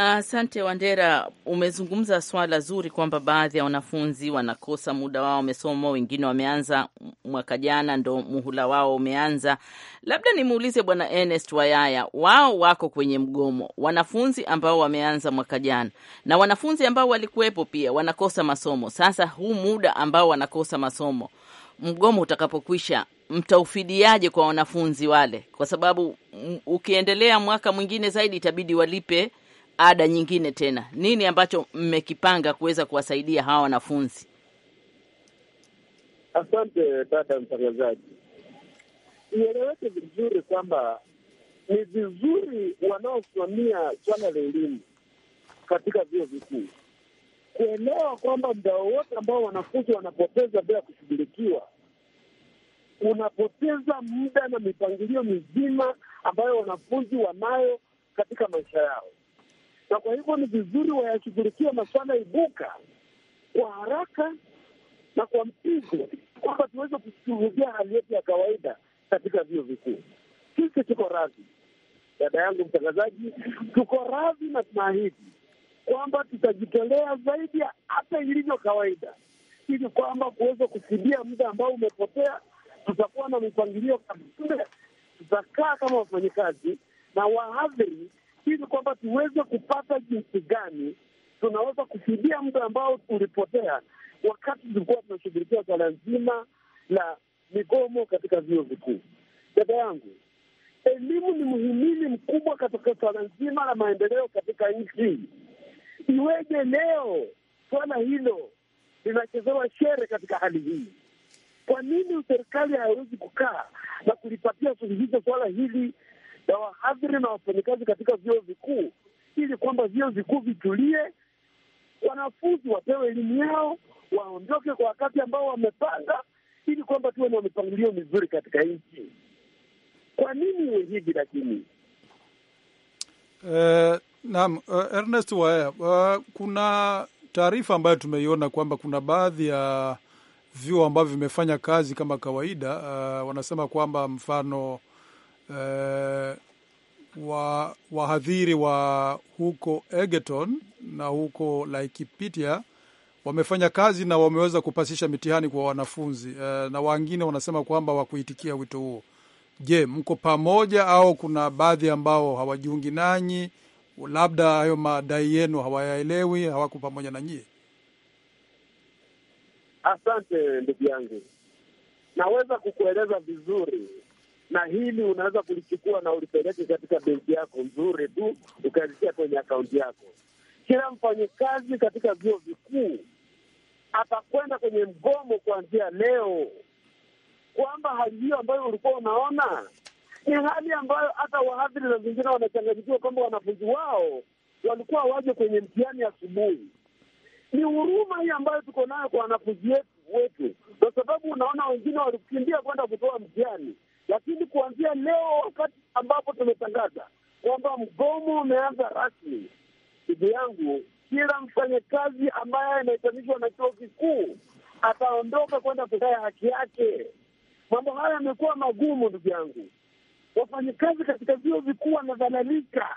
Asante uh, Wandera, umezungumza swala zuri kwamba baadhi ya wanafunzi wanakosa muda wao wamesoma, wengine wameanza mwaka jana ndo muhula wao umeanza. Labda nimuulize Bwana Ernest Wayaya, wao wako kwenye mgomo, wanafunzi ambao wameanza mwaka jana na wanafunzi ambao walikuwepo pia wanakosa masomo. Sasa huu muda ambao wanakosa masomo, mgomo utakapokwisha mtaufidiaje kwa wanafunzi wale? Kwa sababu mm, ukiendelea mwaka mwingine zaidi itabidi walipe ada nyingine tena, nini ambacho mmekipanga kuweza kuwasaidia hawa wanafunzi? Asante dada mtangazaji. Ieleweke vizuri kwamba ni vizuri wanaosimamia swala la elimu katika vyuo vikuu kuelewa kwamba muda wowote ambao wanafunzi wanapoteza bila kushughulikiwa, unapoteza muda na mipangilio mizima ambayo wanafunzi wanayo katika maisha yao na kwa hivyo ni vizuri wayashughulikia masuala ibuka kwa haraka na kwa mpigo, kwamba tuweze kushuhudia hali yetu ya kawaida katika vyuo vikuu. Sisi tuko radhi, dada yangu mtangazaji, tuko radhi na tunaahidi kwamba tutajitolea zaidi ya hata ilivyo kawaida, ili kwamba kuweza kufidia muda ambao umepotea. Tutakuwa na mipangilio kabisa, tutakaa kama wafanyakazi na wahadhiri tunafikiri kwamba tuweze kupata jinsi gani tunaweza kufidia muda ambao tulipotea wakati tulikuwa tunashughulikia swala nzima la migomo katika vyuo vikuu. Dada yangu, elimu ni mhimili mkubwa katika swala nzima la maendeleo katika nchi. Iweje leo swala hilo linachezewa shere katika hali hii? Kwa nini serikali haiwezi kukaa na kulipatia suluhisho swala hili na wahadhiri na wafanyakazi katika vyuo vikuu, ili kwamba vyuo vikuu vitulie, wanafunzi wapewe elimu yao, waondoke kwa wakati ambao wamepanga, ili kwamba tuwe na mipangilio mizuri katika nchi. Kwa nini iwe hivi? Lakini eh, naam, uh, Ernest Waya, uh, eh, kuna taarifa ambayo tumeiona kwamba kuna baadhi ya vyuo ambavyo vimefanya kazi kama kawaida. Uh, wanasema kwamba mfano Eh, wa wahadhiri wa, huko Egerton na huko Laikipia wamefanya kazi na wameweza kupasisha mitihani kwa wanafunzi e, na wengine wanasema kwamba wakuitikia wito huo. Je, mko pamoja au kuna baadhi ambao hawajiungi nanyi? Labda hayo madai yenu hawayaelewi, hawako pamoja na nyie? Asante ndugu yangu, naweza kukueleza vizuri na hili unaweza kulichukua na ulipeleke katika benki yako nzuri tu, ukaelekea kwenye akaunti yako. Kila mfanyikazi katika vyuo vikuu atakwenda kwenye mgomo kuanzia leo, kwamba hali hiyo ambayo ulikuwa unaona ni hali ambayo hata wahadhiri na zingine wanachanganyikiwa kwamba wanafunzi wao walikuwa waje kwenye mtihani asubuhi. Ni huruma hii ambayo tuko nayo kwa wanafunzi wetu, kwa sababu unaona wengine walikimbia kwenda kutoa mtihani lakini kuanzia leo, wakati ambapo tumetangaza kwamba mgomo umeanza rasmi, ndugu yangu, kila mfanyakazi ambaye anahitamishwa na chuo kikuu ataondoka kwenda kudai haki yake. Mambo haya yamekuwa magumu, ndugu yangu. Wafanyakazi katika vyuo vikuu wanadhalalika,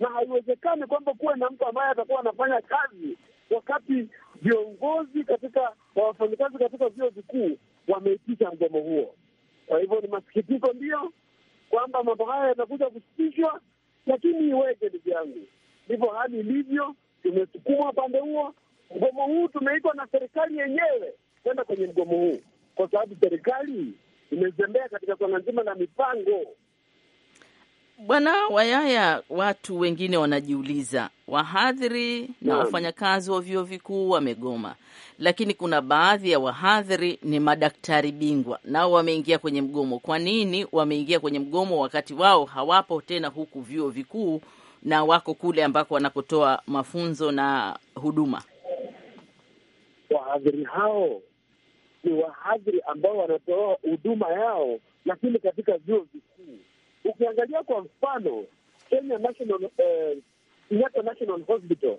na haiwezekani kwamba kuwe na mtu ambaye atakuwa anafanya kazi wakati viongozi katika wafanyakazi katika vyuo vikuu wameitisha mgomo huo. Kwa hivyo ni masikitiko ndio kwamba mambo haya yatakuja kusitishwa, lakini iweke ndugu yangu? Ndivyo hali ilivyo. Tumesukumwa upande huo, mgomo huu tumeitwa na serikali yenyewe kwenda kwenye mgomo huu, kwa sababu serikali imezembea katika swala nzima la mipango Bwana Wayaya, watu wengine wanajiuliza, wahadhiri na wafanyakazi wa vyuo vikuu wamegoma, lakini kuna baadhi ya wahadhiri ni madaktari bingwa, nao wameingia kwenye mgomo. Kwa nini wameingia kwenye mgomo wakati wao hawapo tena huku vyuo vikuu na wako kule ambako wanakotoa mafunzo na huduma? Wahadhiri hao ni wahadhiri ambao wanatoa huduma yao, lakini katika vyuo vikuu ukiangalia kwa mfano Kenya National eh, Kenyatta National Hospital,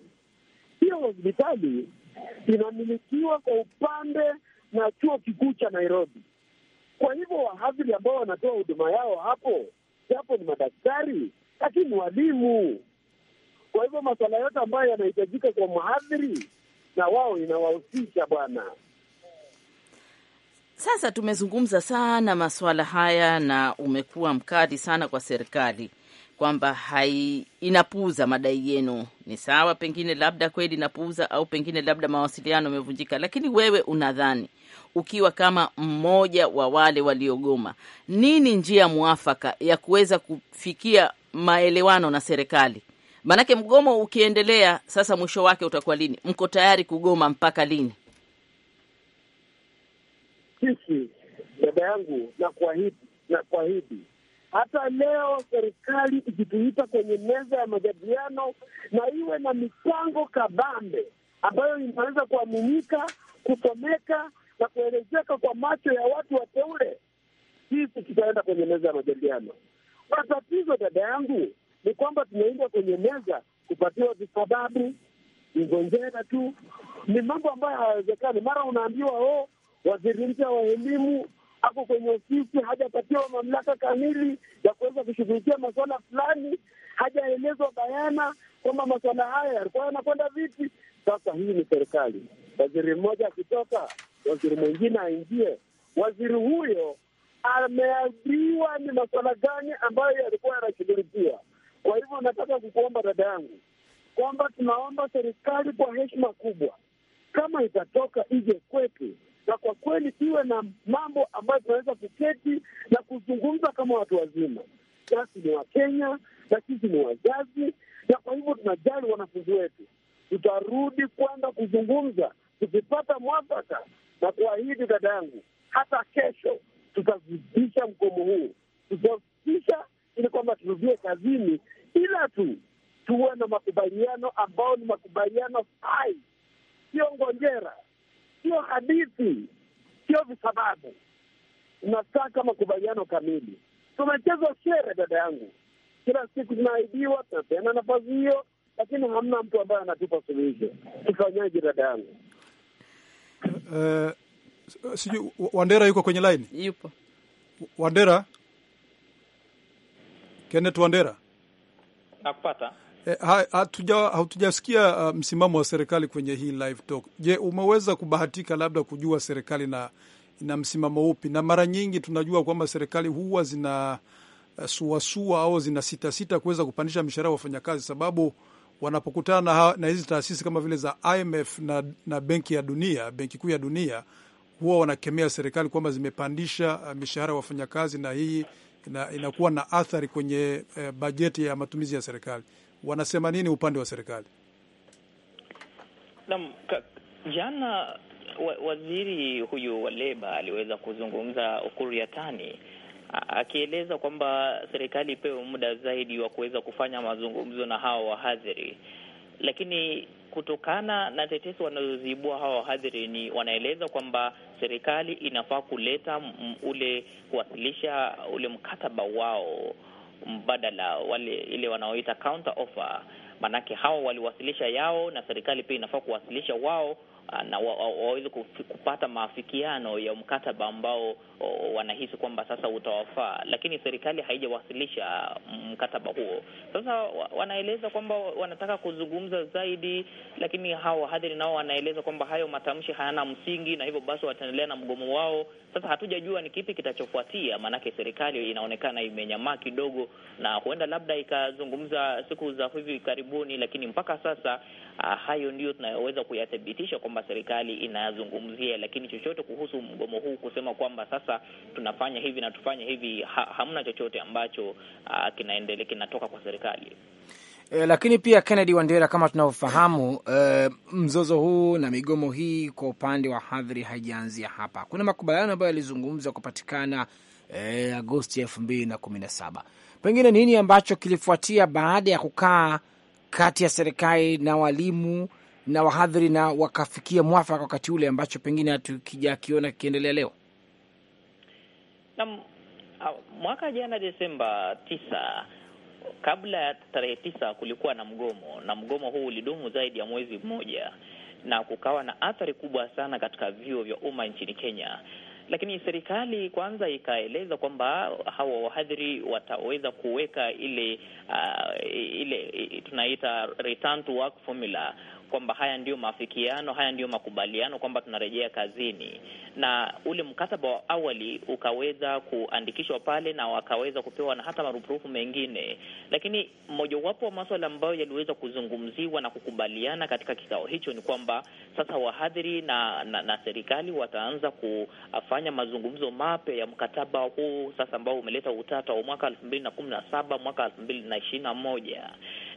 hiyo hospitali inamilikiwa kwa upande na chuo kikuu cha Nairobi. Kwa hivyo wahadhiri ambao wanatoa huduma yao hapo, japo ni madaktari, lakini walimu. Kwa hivyo masuala yote ambayo yanahitajika kwa mhadhiri, na wao inawahusisha bwana. Sasa tumezungumza sana masuala haya na umekuwa mkali sana kwa serikali kwamba hai inapuuza madai yenu. Ni sawa, pengine labda kweli inapuuza, au pengine labda mawasiliano yamevunjika, lakini wewe unadhani ukiwa kama mmoja wa wale waliogoma, nini njia mwafaka ya kuweza kufikia maelewano na serikali? Maanake mgomo ukiendelea sasa, mwisho wake utakuwa lini? Mko tayari kugoma mpaka lini? sisi, dada yangu, na kuahidi na kuahidi hata leo serikali ikituita kwenye meza ya majadiliano, na iwe na mipango kabambe ambayo inaweza kuaminika, kusomeka na kuelezeka kwa macho ya watu wateule, sisi tutaenda kwenye meza ya majadiliano. Matatizo dada yangu ni kwamba tunaingia kwenye meza kupatiwa visababu, ningonjera tu, ni mambo ambayo hayawezekani. Mara unaambiwa oh, waziri mpya wa elimu ako kwenye ofisi, hajapatiwa mamlaka kamili ya kuweza kushughulikia masuala fulani, hajaelezwa bayana kwamba masuala haya yalikuwa yanakwenda vipi. Sasa hii ni serikali, waziri mmoja akitoka, waziri mwingine aingie. Waziri huyo ameambiwa ni masuala gani ambayo yalikuwa yanashughulikiwa. Kwa hivyo nataka kukuomba dada yangu kwamba tunaomba serikali kwa heshima kubwa, kama itatoka ije kwetu na kwa kweli iwe na mambo ambayo tunaweza kuketi na kuzungumza kama watu wazima. Sisi ni Wakenya na sisi ni wazazi, na kwa hivyo tunajali wanafunzi wetu. Tutarudi kwenda kuzungumza tukipata mwafaka, na kuahidi dada yangu, hata kesho tutazidisha mgomo huu, tutazidisha ili kwamba turudie kazini, ila tu tuwe na makubaliano ambao ni makubaliano hai, sio ngonjera sio hadithi, sio visababu. Tunataka makubaliano kamili. Tumechezwa shere, dada yangu, kila siku tunaahidiwa, tunapeana nafasi hiyo, lakini hamna mtu ambaye anatupa suluhisho. Tufanyaje, dada yangu? Uh, sijui Wandera yuko kwenye line? Yupo Wandera? Kenneth Wandera, nakupata hatujasikia eh, ha, ha, uh, msimamo wa serikali kwenye hii live talk. Je, umeweza kubahatika labda kujua serikali na na msimamo upi? Na mara nyingi tunajua kwamba serikali huwa zina uh, suasua au zina sitasita kuweza kupandisha mishahara wafanyakazi, sababu wanapokutana na na hizi taasisi kama vile za IMF na, na benki ya dunia, benki kuu ya dunia huwa wanakemea serikali kwamba zimepandisha uh, mishahara ya wafanyakazi na hii ina, inakuwa na athari kwenye uh, bajeti ya matumizi ya serikali wanasema nini upande wa serikali? Naam, jana waziri huyu wa leba aliweza kuzungumza Ukur Yatani akieleza kwamba serikali ipewe muda zaidi wa kuweza kufanya mazungumzo na hawa wahadhiri, lakini kutokana na tetesi wanazozibua hawa wahadhiri ni wanaeleza kwamba serikali inafaa kuleta ule kuwasilisha ule mkataba wao mbadala, wale ile wanaoita counter offer, maanake hawa waliwasilisha yao na serikali pia inafaa kuwasilisha wao ah, na waweze kupata maafikiano ya mkataba ambao wanahisi kwamba sasa utawafaa, lakini serikali haijawasilisha mkataba huo. Sasa wanaeleza kwamba wanataka kuzungumza zaidi, lakini hao wahadhiri nao wanaeleza kwamba hayo matamshi hayana msingi, na hivyo basi wataendelea na mgomo wao sasa hatujajua ni kipi kitachofuatia, maanake serikali inaonekana imenyamaa kidogo, na huenda labda ikazungumza siku za hivi karibuni, lakini mpaka sasa uh, hayo ndiyo tunayoweza kuyathibitisha kwamba serikali inazungumzia lakini chochote kuhusu mgomo huu kusema kwamba sasa tunafanya hivi na tufanye hivi ha, hamna chochote ambacho uh, ah, kinaendelea kinatoka kwa serikali. E, lakini pia Kennedy Wandera, kama tunavyofahamu e, mzozo huu na migomo hii kwa upande wa hadhiri haijaanzia hapa. Kuna makubaliano ambayo yalizungumzwa kupatikana e, Agosti elfu mbili na kumi na saba. Pengine nini ambacho kilifuatia baada ya kukaa kati ya serikali na walimu na wahadhiri na wakafikia mwafaka wakati ule ambacho pengine hatukija kiona kikiendelea leo na ah, mwaka jana Desemba tisa kabla ya tarehe tisa kulikuwa na mgomo, na mgomo huu ulidumu zaidi ya mwezi mmoja, na kukawa na athari kubwa sana katika vyuo vya umma nchini Kenya. Lakini serikali kwanza ikaeleza kwamba hawa wahadhiri wataweza kuweka ile uh, ile tunaita return to work formula kwamba haya ndiyo maafikiano, haya ndiyo makubaliano kwamba tunarejea kazini, na ule mkataba wa awali ukaweza kuandikishwa pale na wakaweza kupewa na hata marupurufu mengine. Lakini mojawapo wa maswala ambayo yaliweza kuzungumziwa na kukubaliana katika kikao hicho ni kwamba sasa wahadhiri na, na, na serikali wataanza kufanya mazungumzo mapya ya mkataba huu sasa ambao umeleta utata wa mwaka elfu mbili na kumi na saba mwaka elfu mbili na ishirini na moja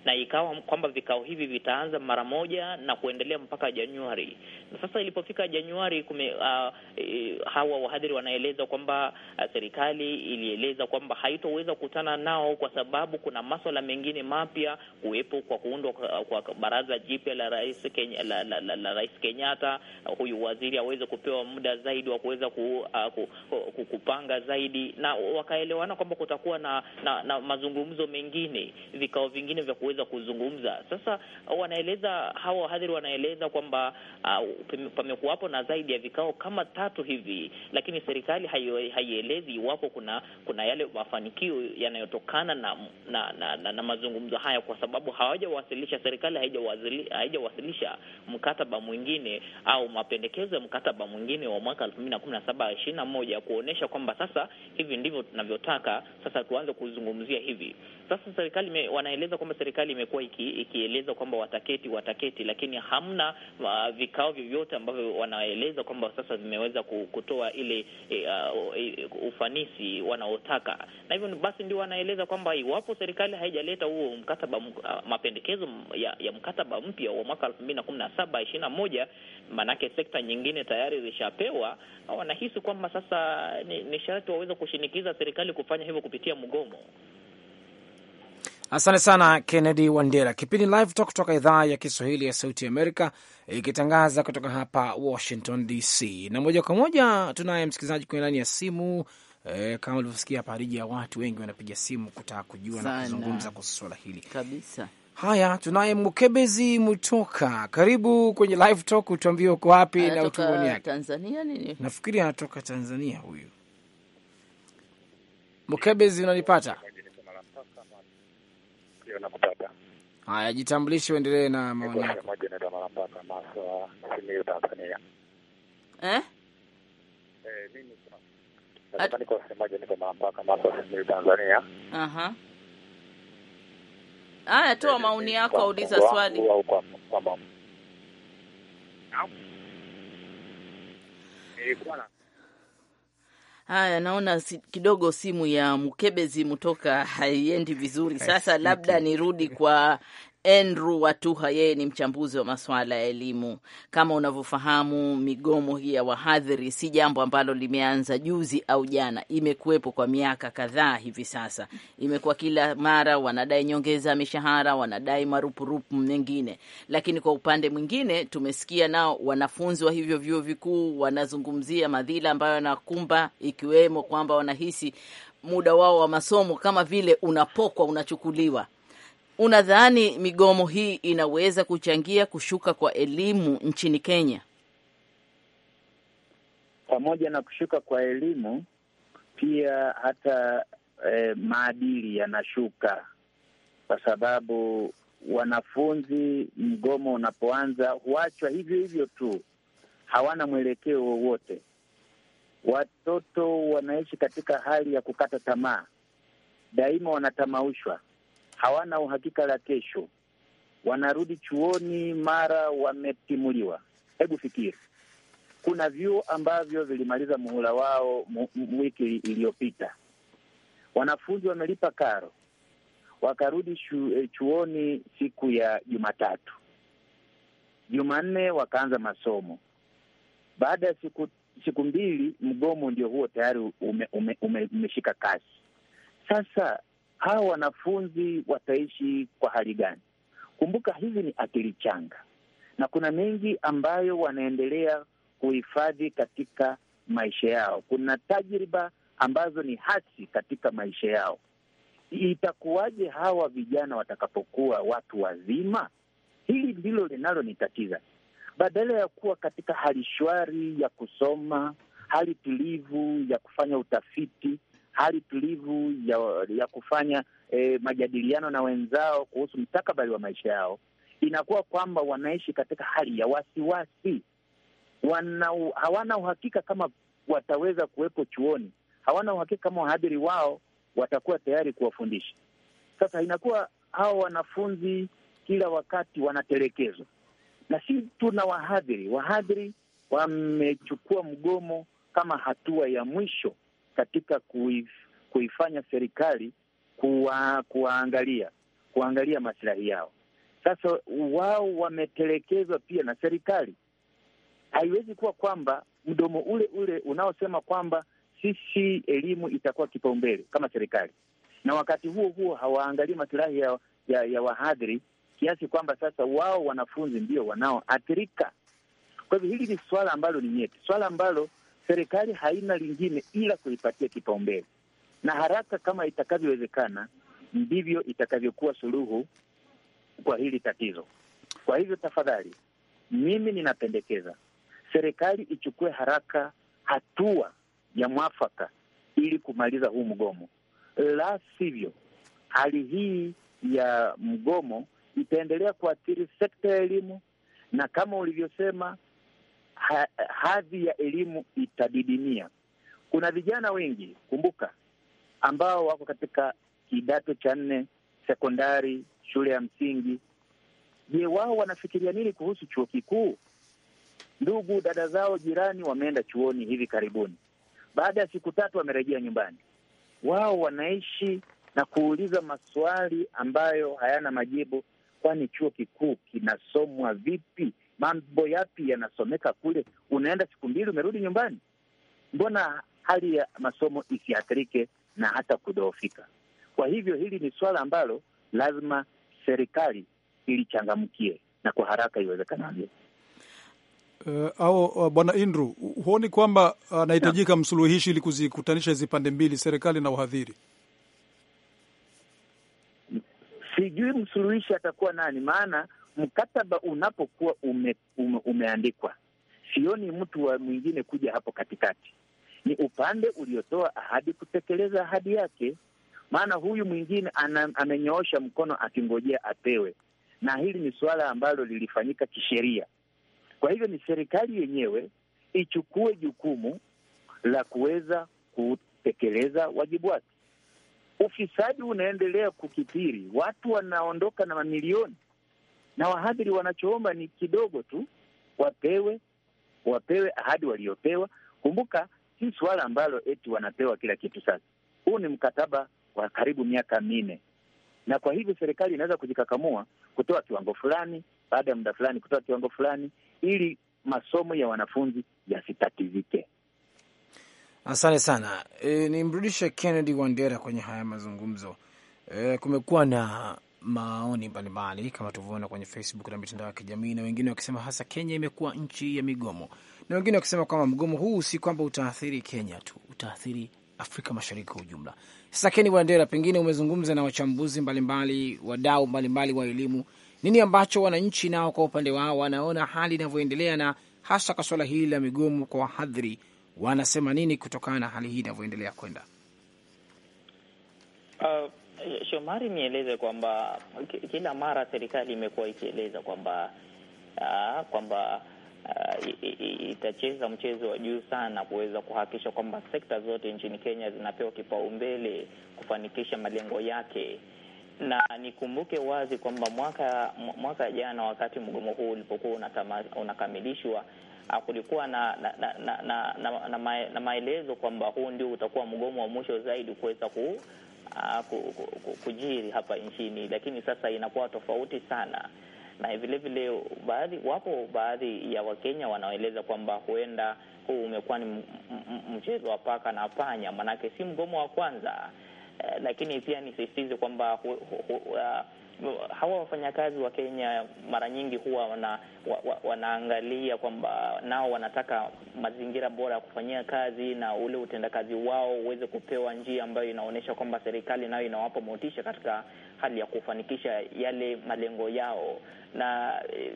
na ikawa kwamba vikao hivi vitaanza mara moja na kuendelea mpaka Januari. Na sasa ilipofika Januari kume, uh, hawa wahadhiri wanaeleza kwamba uh, serikali ilieleza kwamba haitoweza kukutana nao kwa sababu kuna maswala mengine mapya kuwepo kwa kuundwa kwa, kwa baraza jipya la rais Kenya, la, la, la, la Rais Kenyatta. Huyu waziri aweze kupewa muda zaidi wa kuweza ku, uh, ku, ku, kupanga zaidi, na wakaelewana kwamba kutakuwa na, na, na mazungumzo mengine, vikao vingine vya kuweza kuweza kuzungumza. Sasa wanaeleza hawa wahadhiri wanaeleza kwamba uh, pamekuwapo na zaidi ya vikao kama tatu hivi, lakini serikali haielezi iwapo kuna kuna yale mafanikio yanayotokana na na, na, na, na mazungumzo haya, kwa sababu hawajawasilisha, serikali haijawasilisha mkataba mwingine au mapendekezo ya mkataba mwingine wa mwaka elfu mbili na kumi na saba ishirini na moja kuonyesha kwamba sasa hivi ndivyo tunavyotaka, sasa tuanze kuzungumzia hivi. Sasa serikali wanaeleza kwamba serikali serikali imekuwa ikieleza iki kwamba wataketi wataketi, lakini hamna uh, vikao vyovyote ambavyo wanaeleza kwamba sasa vimeweza kutoa ile eh, uh, ufanisi wanaotaka, na hivyo basi ndio wanaeleza kwamba iwapo serikali haijaleta huo mkataba uh, mapendekezo ya, ya mkataba mpya wa mwaka elfu mbili na kumi na saba ishirini na moja maanake sekta nyingine tayari zishapewa, Wanahisi kwamba sasa ni, ni sharti waweze kushinikiza serikali kufanya hivyo kupitia mgomo. Asante sana Kennedy Wandera. Kipindi Live Talk kutoka idhaa ya Kiswahili ya Sauti Amerika ikitangaza kutoka hapa Washington DC, na moja kwa moja tunaye msikilizaji kwenye laini ya simu. E, kama ulivyosikia hapa hariji ya watu wengi wanapiga simu kutaka kujua na kuzungumza kuhusu swala hili kabisa. Haya, tunaye Mukebezi Mutoka, karibu kwenye Live Talk. Utuambie uko wapi na utumboni yake. Tanzania nini? Nafikiri anatoka Tanzania huyu Mukebezi, unanipata? hiyo na Haya, jitambulishe, uendelee na maoni yako. Moja Simiyu, Tanzania. Eh, eh, mimi nataka niko semaje, niko Simiyu, Tanzania. Aha, haya, toa eh, maoni yako, auliza swali Haya, naona si, kidogo simu ya mkebezi mtoka haiendi vizuri. Sasa labda nirudi kwa Andrew Watuha, yeye ni mchambuzi wa masuala ya elimu. Kama unavyofahamu, migomo hii ya wahadhiri si jambo ambalo limeanza juzi au jana, imekuwepo kwa miaka kadhaa hivi sasa. Imekuwa kila mara wanadai nyongeza ya mishahara, wanadai marupurupu mengine, lakini kwa upande mwingine tumesikia nao wanafunzi wa hivyo vyuo vikuu wanazungumzia madhila ambayo yanakumba, ikiwemo kwamba wanahisi muda wao wa masomo kama vile unapokwa, unachukuliwa Unadhani migomo hii inaweza kuchangia kushuka kwa elimu nchini Kenya? Pamoja na kushuka kwa elimu, pia hata eh, maadili yanashuka, kwa sababu wanafunzi, mgomo unapoanza, huachwa hivyo hivyo tu, hawana mwelekeo wowote. Watoto wanaishi katika hali ya kukata tamaa, daima wanatamaushwa hawana uhakika la kesho, wanarudi chuoni mara wametimuliwa. Hebu fikiri, kuna vyuo ambavyo vilimaliza muhula wao wiki iliyopita, wanafunzi wamelipa karo, wakarudi e, chuoni siku ya Jumatatu, Jumanne wakaanza masomo. Baada ya siku siku mbili, mgomo ndio huo tayari ume, ume, ume, umeshika kasi. Sasa hawa wanafunzi wataishi kwa hali gani? Kumbuka hizi ni akili changa, na kuna mengi ambayo wanaendelea kuhifadhi katika maisha yao. Kuna tajriba ambazo ni hasi katika maisha yao. Itakuwaje hawa vijana watakapokuwa watu wazima? Hili ndilo linalonitatiza. Badala ya kuwa katika hali shwari ya kusoma, hali tulivu ya kufanya utafiti, hali tulivu ya, ya kufanya eh, majadiliano na wenzao kuhusu mstakabali wa maisha yao, inakuwa kwamba wanaishi katika hali ya wasiwasi. Wana, hawana uhakika kama wataweza kuwepo chuoni, hawana uhakika kama wahadhiri wao watakuwa tayari kuwafundisha. Sasa inakuwa hao wanafunzi kila wakati wanatelekezwa, na si tu na wahadhiri. Wahadhiri wamechukua mgomo kama hatua ya mwisho katika kuifanya serikali kuwa, kuwaangalia kuangalia masilahi yao. Sasa wao wametelekezwa pia na serikali. Haiwezi kuwa kwamba mdomo ule ule unaosema kwamba sisi elimu itakuwa kipaumbele kama serikali, na wakati huo huo hawaangalii masilahi ya, ya, ya wahadhiri kiasi kwamba sasa wao wanafunzi ndio wanaoathirika. Kwa hivyo hili ni swala ambalo ni nyeti, swala ambalo serikali haina lingine ila kuipatia kipaumbele, na haraka kama itakavyowezekana ndivyo itakavyokuwa suluhu kwa hili tatizo. Kwa hivyo, tafadhali, mimi ninapendekeza serikali ichukue haraka hatua ya mwafaka ili kumaliza huu mgomo, la sivyo hali hii ya mgomo itaendelea kuathiri sekta ya elimu, na kama ulivyosema, ha, hadhi ya elimu itadidimia. Kuna vijana wengi, kumbuka, ambao wako katika kidato cha nne, sekondari, shule ya msingi. Je, wao wanafikiria nini kuhusu chuo kikuu? Ndugu dada zao jirani wameenda chuoni hivi karibuni, baada ya siku tatu wamerejea nyumbani. Wao wanaishi na kuuliza maswali ambayo hayana majibu, kwani chuo kikuu kinasomwa vipi? mambo yapi yanasomeka kule? Unaenda siku mbili umerudi nyumbani, mbona hali ya masomo isiathirike na hata kudhoofika? Kwa hivyo hili ni suala ambalo lazima serikali ilichangamkie na kwa haraka iwezekanavyo. Uh, au uh, Bwana Indru, huoni kwamba uh, anahitajika uh, msuluhishi ili kuzikutanisha hizi pande mbili, serikali na uhadhiri Sijui msuluhishi atakuwa nani, maana mkataba unapokuwa ume, ume, umeandikwa, sioni mtu wa mwingine kuja hapo katikati. Ni upande uliotoa ahadi kutekeleza ahadi yake, maana huyu mwingine amenyoosha mkono akingojea apewe, na hili ni suala ambalo lilifanyika kisheria. Kwa hivyo ni serikali yenyewe ichukue jukumu la kuweza kutekeleza wajibu wake. Ufisadi unaendelea kukithiri, watu wanaondoka na mamilioni na wahadhiri wanachoomba ni kidogo tu, wapewe wapewe ahadi waliopewa. Kumbuka, si suala ambalo eti wanapewa kila kitu. Sasa huu ni mkataba wa karibu miaka minne, na kwa hivyo serikali inaweza kujikakamua kutoa kiwango fulani, baada ya muda fulani kutoa kiwango fulani, ili masomo ya wanafunzi yasitatizike. Asante sana. E, nimrudishe Kennedy Wandera kwenye haya mazungumzo. E, kumekuwa na maoni mbalimbali kama tulivyoona kwenye Facebook na mitandao ya kijamii, na wengine wakisema hasa Kenya imekuwa nchi ya migomo, na wengine wakisema kwamba mgomo huu si kwamba utaathiri Kenya tu, utaathiri Afrika Mashariki kwa ujumla. Sasa Keni Wandera, pengine umezungumza na wachambuzi mbalimbali, wadau mbalimbali wa elimu, nini ambacho wananchi nao kwa upande wao wanaona hali inavyoendelea, na hasa kwa suala hili la migomo kwa wahadhiri, wanasema nini kutokana na hali hii inavyoendelea kwenda uh... Eh, Shomari, nieleze kwamba kila mara serikali imekuwa ikieleza kwamba ah, kwamba uh, itacheza mchezo wa juu sana kuweza kuhakikisha kwamba sekta zote nchini Kenya zinapewa kipaumbele kufanikisha malengo yake na nikumbuke wazi kwamba mwaka mwaka jana wakati mgomo huu ulipokuwa unakamilishwa ah, kulikuwa na na, na, na, na, na, na maelezo kwamba huu ndio utakuwa mgomo wa mwisho zaidi kuweza ku, Ah, kujiri hapa nchini, lakini sasa inakuwa tofauti sana na vilevile baadhi, wapo baadhi ya Wakenya wanaeleza kwamba huenda huu umekuwa ni mchezo wa paka na panya, manake si mgomo wa kwanza eh, lakini pia nisisitize kwamba hu, hu, hu, uh, hawa wafanyakazi wa Kenya mara nyingi huwa wana, wa, wa, wanaangalia kwamba nao wanataka mazingira bora ya kufanyia kazi na ule utendakazi wao uweze kupewa njia ambayo inaonyesha kwamba serikali nayo inawapa motisha katika hali ya kufanikisha yale malengo yao na eh,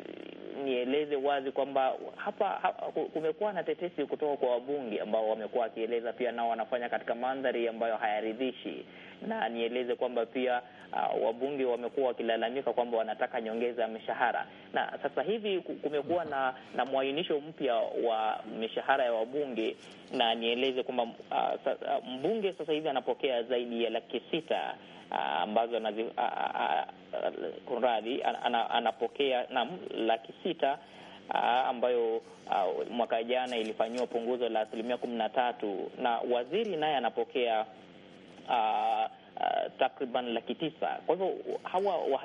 nieleze wazi kwamba hapa, hapa kumekuwa na tetesi kutoka kwa wabunge ambao wamekuwa wakieleza pia nao wanafanya katika mandhari ambayo hayaridhishi, na nieleze kwamba pia uh, wabunge wamekuwa wakilalamika kwamba wanataka nyongeza ya mishahara, na sasa hivi kumekuwa na, na mwainisho mpya wa mishahara ya wabunge, na nieleze kwamba uh, mbunge sasa hivi anapokea zaidi ya laki sita Ah, ambazo ah, ah, kunradhi, anapokea na laki sita ambayo mwaka jana ilifanyiwa punguzo la asilimia kumi na tatu na waziri naye anapokea a, Uh, takriban laki tisa. Kwa hivyo hawa uh,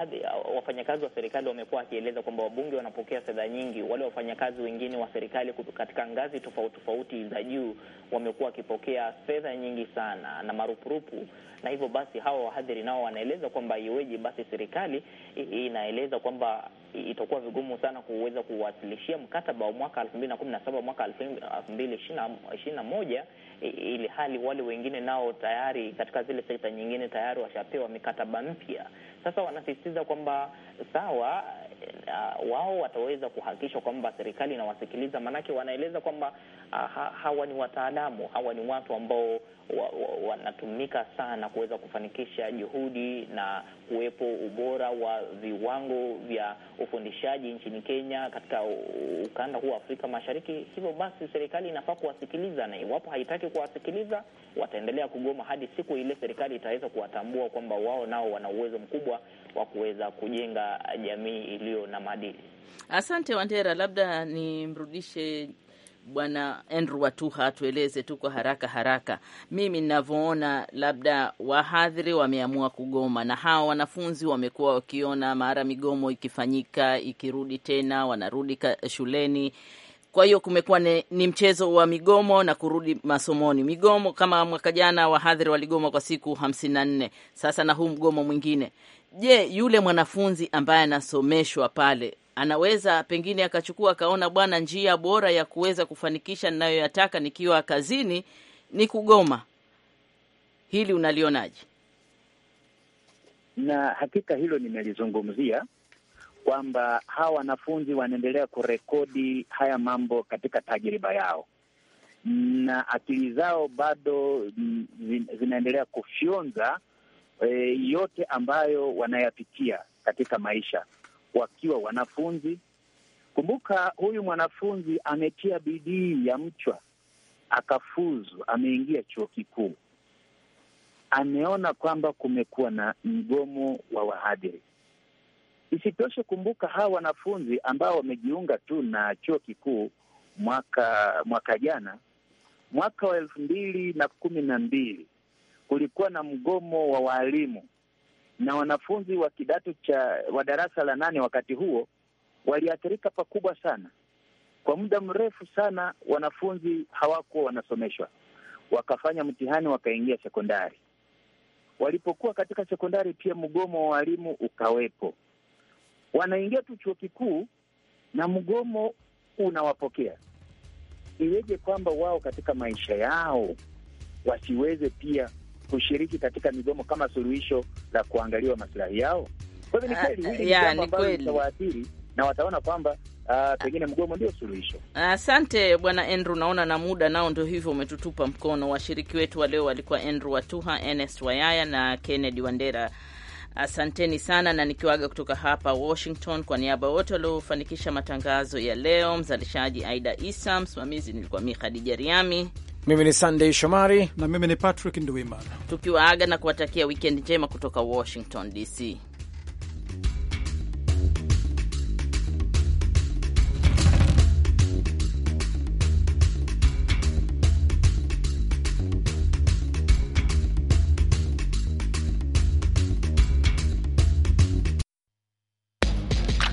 wafanyakazi wa serikali wamekuwa wakieleza kwamba wabunge wanapokea fedha nyingi, wale wafanyakazi wengine wa serikali katika ngazi tofauti tofauti za juu wamekuwa wakipokea fedha nyingi sana na marupurupu, na hivyo basi hawa wahadhiri nao wanaeleza kwamba iweje basi serikali inaeleza kwamba itakuwa vigumu sana kuweza kuwasilishia mkataba wa mwaka elfu mbili na kumi na saba mwaka elfu mbili ishirini na moja ili hali wale wengine nao tayari katika zile sekta nyingine tayari washapewa mikataba mpya. Sasa wanasisitiza kwamba sawa uh, wao wataweza kuhakikisha kwamba serikali inawasikiliza, maanake wanaeleza kwamba uh, ha, hawa ni wataalamu, hawa ni watu ambao wanatumika wa, wa sana kuweza kufanikisha juhudi na kuwepo ubora wa viwango vya ufundishaji nchini Kenya katika ukanda huu wa Afrika Mashariki. Hivyo basi serikali inafaa kuwasikiliza, na iwapo haitaki kuwasikiliza wataendelea kugoma hadi siku ile serikali itaweza kuwatambua kwamba wao nao wana uwezo mkubwa wa kuweza kujenga jamii ili yaliyo na madini. Asante Wandera, labda nimrudishe Bwana Andrew Watuha atueleze tu kwa haraka haraka, mimi ninavyoona, labda wahadhiri wameamua kugoma na hawa wanafunzi wamekuwa wakiona mara migomo ikifanyika ikirudi tena, wanarudi shuleni. Kwa hiyo kumekuwa ni mchezo wa migomo na kurudi masomoni. Migomo kama mwaka jana wahadhiri waligoma kwa siku hamsini na nne, sasa na huu mgomo mwingine. Je, yule mwanafunzi ambaye anasomeshwa pale anaweza pengine akachukua akaona, bwana, njia bora ya kuweza kufanikisha ninayoyataka nikiwa kazini ni kugoma. Hili unalionaje? Na hakika hilo nimelizungumzia kwamba hawa wanafunzi wanaendelea kurekodi haya mambo katika tajriba yao na akili zao bado zinaendelea kufyonza e, yote ambayo wanayapitia katika maisha wakiwa wanafunzi. Kumbuka huyu mwanafunzi ametia bidii ya mchwa, akafuzu, ameingia chuo kikuu. Ameona kwamba kumekuwa na mgomo wa wahadhiri. Isitoshe, kumbuka hawa wanafunzi ambao wamejiunga tu na chuo kikuu mwaka mwaka jana mwaka wa elfu mbili na kumi na mbili kulikuwa na mgomo wa waalimu na wanafunzi wa kidato cha wa darasa la nane wakati huo waliathirika pakubwa sana. Kwa muda mrefu sana wanafunzi hawakuwa wanasomeshwa, wakafanya mtihani, wakaingia sekondari. Walipokuwa katika sekondari, pia mgomo wa walimu ukawepo. Wanaingia tu chuo kikuu na mgomo unawapokea. Iweje kwamba wao katika maisha yao wasiweze pia kushiriki katika migomo kama suluhisho la kuangaliwa maslahi yao. Kwa hivyo ni ah, kweli hili jambo ambalo litawaathiri na wataona kwamba Uh, pengine mgomo ndio suluhisho. Asante uh, bwana Andrew, naona na muda nao ndio hivyo umetutupa mkono. Washiriki wetu wa leo walikuwa Andrew Watuha, Ernest Wayaya na Kennedy Wandera. Asanteni uh, sana, na nikiwaga kutoka hapa Washington kwa niaba wote waliofanikisha matangazo ya leo, mzalishaji Aida Isa, msimamizi nilikuwa mi Khadija Riami. Mimi ni sandey Shomari na mimi ni Patrick Nduimana, tukiwaaga na kuwatakia wikendi njema kutoka Washington DC.